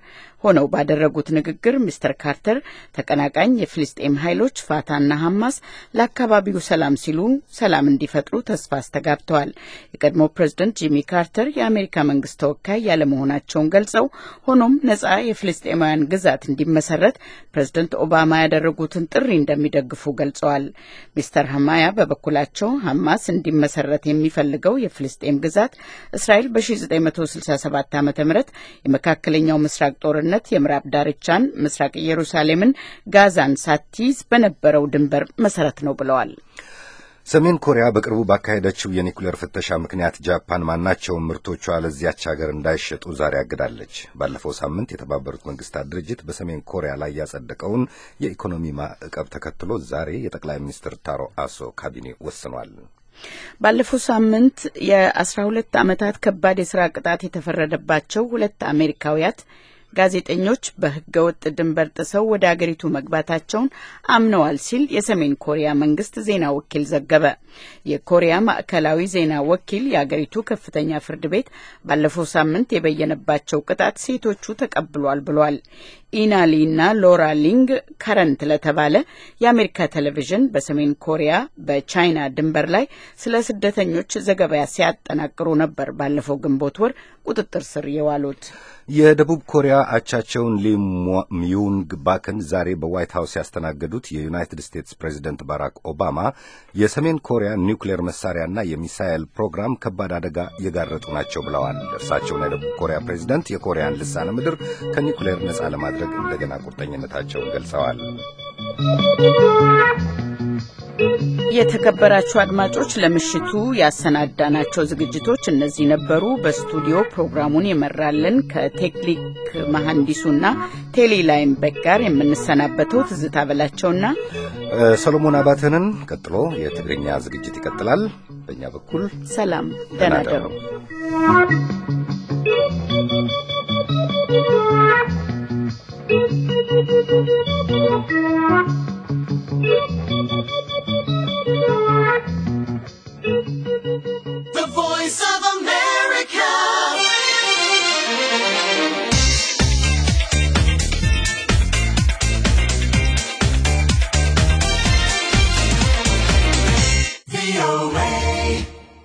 ሆነው ባደረጉት ንግግር ሚስተር ካርተር ተቀናቃኝ የፍልስጤም ኃይሎች ፋታና ሐማስ ለአካባቢው ሰላም ሲሉ ሰላም እንዲፈጥሩ ተስፋ አስተጋብተዋል። የቀድሞ ፕሬዝደንት ጂሚ ካርተር የአሜሪካ መንግስት ተወካይ ያለመሆናቸውን ገልጸው ሆኖም ነጻ የፍልስጤማውያን ግዛት እንዲመሰረት ፕሬዝደንት ኦባማ ያደረጉትን ጥሪ እንደሚደግፉ ገልጸዋል። ሚስተር ሀማያ በበኩላቸው ሐማስ እንዲመሰረት የሚፈልገው የፍልስጤም ግዛት እስራኤል በ1967 ዓ ም የመካከለኛው ምስራቅ ጦርነት ጦርነት የምዕራብ ዳርቻን፣ ምስራቅ ኢየሩሳሌምን፣ ጋዛን ሳትይዝ በነበረው ድንበር መሰረት ነው ብለዋል። ሰሜን ኮሪያ በቅርቡ ባካሄደችው የኒኩሌር ፍተሻ ምክንያት ጃፓን ማናቸውን ምርቶቿ ለዚያች ሀገር እንዳይሸጡ ዛሬ አግዳለች። ባለፈው ሳምንት የተባበሩት መንግስታት ድርጅት በሰሜን ኮሪያ ላይ ያጸደቀውን የኢኮኖሚ ማዕቀብ ተከትሎ ዛሬ የጠቅላይ ሚኒስትር ታሮ አሶ ካቢኔ ወስኗል። ባለፈው ሳምንት የአስራ ሁለት ዓመታት ከባድ የሥራ ቅጣት የተፈረደባቸው ሁለት አሜሪካውያት ጋዜጠኞች በህገወጥ ድንበር ጥሰው ወደ አገሪቱ መግባታቸውን አምነዋል ሲል የሰሜን ኮሪያ መንግስት ዜና ወኪል ዘገበ። የኮሪያ ማዕከላዊ ዜና ወኪል የአገሪቱ ከፍተኛ ፍርድ ቤት ባለፈው ሳምንት የበየነባቸው ቅጣት ሴቶቹ ተቀብሏል ብሏል። ኢናሊና ሎራ ሊንግ ከረንት ለተባለ የአሜሪካ ቴሌቪዥን በሰሜን ኮሪያ በቻይና ድንበር ላይ ስለ ስደተኞች ዘገባ ሲያጠናቅሩ ነበር ባለፈው ግንቦት ወር ቁጥጥር ስር የዋሉት። የደቡብ ኮሪያ አቻቸውን ሊ ሚዩንግ ባክን ዛሬ በዋይት ሀውስ ያስተናገዱት የዩናይትድ ስቴትስ ፕሬዚደንት ባራክ ኦባማ የሰሜን ኮሪያ ኒውክሌር መሳሪያና የሚሳኤል ፕሮግራም ከባድ አደጋ የጋረጡ ናቸው ብለዋል። እርሳቸውና የደቡብ ኮሪያ ፕሬዚደንት የኮሪያን ልሳነ ምድር ከኒውክሌር ነጻ ለማድረግ ለማድረግ እንደገና ቁርጠኝነታቸውን ገልጸዋል። የተከበራችሁ አድማጮች ለምሽቱ ያሰናዳናቸው ዝግጅቶች እነዚህ ነበሩ። በስቱዲዮ ፕሮግራሙን የመራልን ከቴክኒክ መሐንዲሱና ቴሌ ላይን ጋር የምንሰናበተው ትዝታ በላቸውና ሰሎሞን አባተንን። ቀጥሎ የትግርኛ ዝግጅት ይቀጥላል። በእኛ በኩል ሰላም፣ ደህና ደሩ። Thank you.